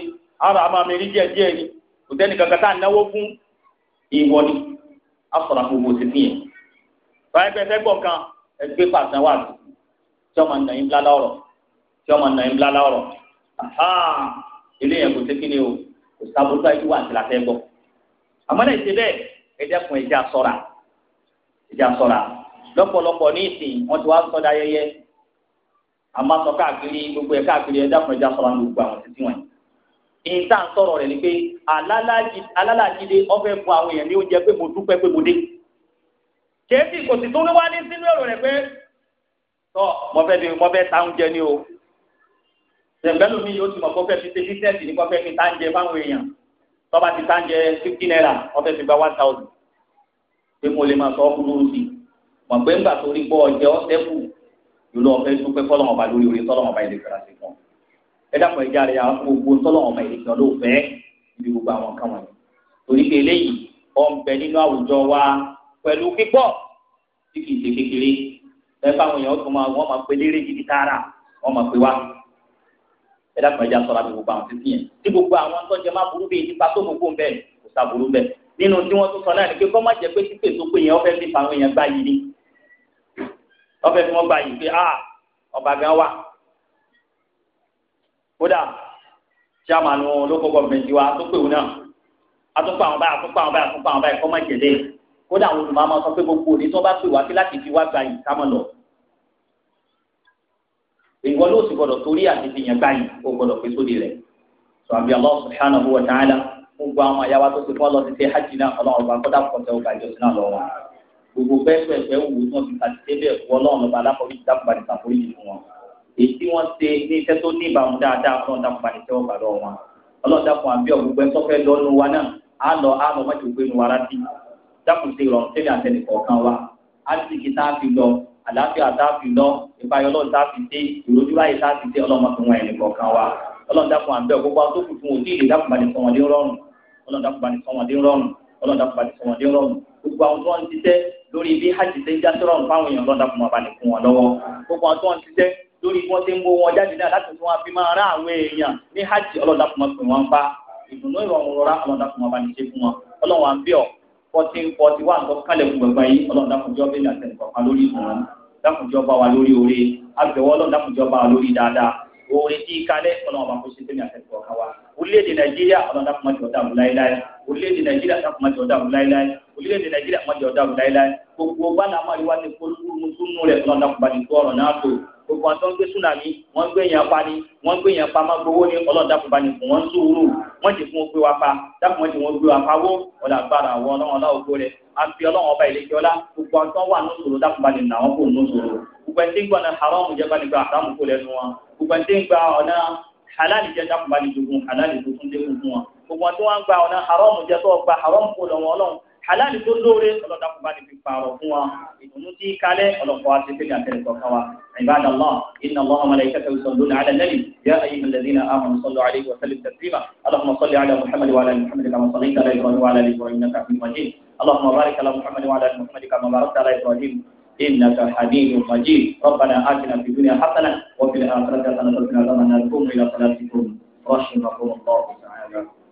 ara àmàmì rí díẹ̀ díẹ̀ ni kò sẹ́ni kankan tá à ń náwó fún ìwọ ni afọlá fún mo ti ní yẹn báyìí pé ẹsẹ gbọǹkan ẹgbẹ pàṣẹ wà lù tí ọmọ nàá ń bla lọrọ tí ọmọ nàá ń bla lọrọ ilé yẹn kò sí kí ni o kò sábúrúkú ayé wà sílá fẹ gbọ àmọ́ náà ṣe bẹ́ẹ̀ ẹjẹ kun ẹjẹ asọra ẹjẹ asọra lọ́pọ̀lọpọ̀ ní ìsìn wọn ti wá sọdá ayẹyẹ àmọ́ sọ káàkiri gbogbo ẹ káàkiri ẹjẹ kun ẹjẹ asọra gbogbo àwọn títí wọn yìí ìta ń sọ̀rọ̀ rẹ̀ ni pé alálàjídé ọ̀fẹ́ bu àwọn èèyàn ní oúnjẹ pé mo dúpẹ́ pé mo dé. kéèsì kò sì tún wá ní sínú èrò rẹ̀ pé tọ́ mo fẹ́ di mo fẹ́ ta oúnjẹ ni o. sẹ̀ǹbẹ́lú mi yóò ti mọ̀ kọ́fẹ́ fi ṣe bísẹ́ẹ̀sì ní kọ́fẹ́ fi táǹjẹ fáwọn èèyàn tọ́ba ti táǹjẹ fifty naira ọ̀fẹ́ fi gba one thousand. pé mo lè máa sọ ọ́kúrú sí i mọ̀ pé ńgbà torí gbọ́ ọ̀jẹ̀ ọ̀sẹ̀ kù yóò lọ ọ̀fẹ́ dúpẹ́ fọlọ́mọba lórí orí tọ́lọ́mọba ìdè ẹ dàpọ̀ ẹja rẹ̀ àwọn gbogbo tọ́lọ̀ ọmọ ìrìnsẹ̀ olóòfẹ́ ibi gbogbo àwọn nǹkan wọ̀nyí torí pé eléyìí ọ̀nbẹ nínú àwùjọ wa pẹ̀lú pípọ̀ tí kì í ṣe kékeré lẹ́fà àwọn èèyàn tó máa wọ́n máa pe lérè gidi tààrà wọ́n máa pe wá ẹ dàpọ̀ ẹja sọ̀rọ̀ àti gbogbo àwọn títí yẹn tí gbogbo àwọn tó jẹ má burú bíi nípa tó gbogbo ńbẹ kò sá burú bẹ nínú tí wọ́n tún sọ náà ni pé kọ́ má jẹ́ pé títè tó pé yẹn ọ̀fẹ́ fi fa àwọn èèyàn gbá yìí ni ọ̀fẹ́ fi wọ́n gbá yìí pé ah ọba gan wa kódà chairman local government wa tó pè wọn náà àtúnpà àwọn báyìí àtúnpà àwọn báyìí àtúnpà àwọn báyìí kọ́ máa jẹ̀lé kódà àwọn olùmọ̀ àmọ́ sọ pé gbogbo òní tó bá pè wá sí láti fi wá gba yìí ká mọ̀ lọ. ìwọ ló sì gbọdọ̀ torí àti fi yàn gba yìí kó gbọdọ̀ pé sóde rẹ̀ sọ àbí Allah subhanahu wa ta'ala gbogbo àwọn àyàwó tó ti fọ́ lọ sí ṣe hajj náà ọlọ́run ọba kọ́dà kọ́tẹ́ ọgbà ìjọsìn náà lọ́wọ́ gbogbo pẹ́ẹ́pẹ́ẹ́pẹ́ wù tí wọ́n fi kàtí débẹ̀ wọ́ ọlọ́run ọba aláfọwọ́yí dákùnbà ní sàfọ́yí fún wọn èyí tí wọ́n ṣe ní iṣẹ́ tó ní ìbámu dáadáa ọlọ́run dàpọ̀ bá ní tẹ́wọ́ bá lọ́wọ́ wọn ọlọ́run dàpọ̀ àbí ọ̀gbọ̀gbẹ́ sọ́fẹ́ lọ́nu wa náà á lọ á lọ mọ́tò gbé nu wa rántí dàpọ̀ sí ìrọ̀rùn tẹ́lẹ̀ àtẹnì kọ̀ọ̀kan wa á sì kí tá a fi lọ àlàáfíà tá a fi lọ ìpayọ̀ ọlọ́run tá a fi dé ìrójú láyé tá a fi dé ọlọ́run mọ́tò wọn ẹ̀nì kọ̀ọ̀kan wa ọlọ́run dàpọ̀ àbí ọ̀gbọ̀gbọ́ tó kù fún òdì ìlẹ̀ dàpọ̀ bá ní sọ̀wọ́n dé rọrùn lórí bí wọ́n ti ń bó wọn jáde náà láti fún wa fi máa rán àwọn èèyàn ní hajj ọlọ́dà fún wọn pè wọ́n pa ìdùnnú ìrọ̀rùn rọra ọlọ́dà fún wọn bá ní ṣe fún wọn ọlọ́wọ́n à ń bí ọ fourteen forty one tó kálẹ̀ fún gbẹ̀gbẹ̀ yìí ọlọ́run dákùnjọ́ bẹ́ẹ̀ ní àtẹnukọ̀ọ́kan lórí ìmọ̀ràn dákùnjọ́ bá wa lórí oore àgbẹ̀wọ́ ọlọ́run dákùnjọ́ bá wa lórí dáadáa oore tí kálẹ̀ ọlọ́run àbáko ṣe bẹ́ẹ̀ ní àtẹnukọ̀ọ́kan wa orílẹ̀-èdè nàìjíríà ọlọ́run dákùnmọ́jọ́ dàrú láéláé orílẹ̀-èdè nàìjíríà dákùnmọ́jọ́ dàrú láéláé orílẹ̀-èdè nàìjíríà mọ́jọ́ dàrú láéláé gbogbo gbàdámọ́ àríwá ti polúkúrú mú túnú rẹ̀ ọlọ́run dákùnbá ní gbọ́ ọ̀rọ̀ náà tó gbogbo àti wọn gbé tsunami wọn gbé yẹn pa ni wọn gbé yẹn pa má gbowó ni ọlọ́run dákun bá ní fún wọn sùúrù wọn ti fún gbé wa pa dákun wọn ti wọn gbé wa pa wó wọn gbára àwọn ọlọ́run ọlọ́run ògbó rẹ àfi ọlọ́run ọba ìlẹkẹ ọlá gbogbo àti wọn wà ní sòrò dákun bá ní nà wọn kò ní sòrò gbogbo ẹni tí ń gbọ́ haramu jẹ́ bá ní gba haramu kó lẹ́nu wọn gbogbo ẹni gba ọ̀nà halali jẹ́ dákun bá ní dogun halali dogun dé haramu jẹ́ haramu kó lọ́wọ́ halali tó lóore ọlọ́dà kò bá ní fi pààrọ̀ fún wa ìdùnnú tí kálẹ̀ ọlọ́kọ̀ wa ti fi gà tẹ̀lé kọ̀ọ̀kan wa ìbáda allah inna allah wa malaikata wa sallu ala nabi ya ayyuha alladhina amanu sallu alayhi wa sallim taslima allahumma salli ala muhammad wa ala ali muhammad kama sallaita ala ibrahim wa ala ali ibrahim innaka hamidum majid allahumma barik ala muhammad wa ala ali muhammad kama barakta ala ibrahim إنك حميد مجيد ربنا آتنا في الدنيا حسنة وفي الآخرة حسنة وقنا عذاب النار قوموا إلى صلاتكم رحمكم الله تعالى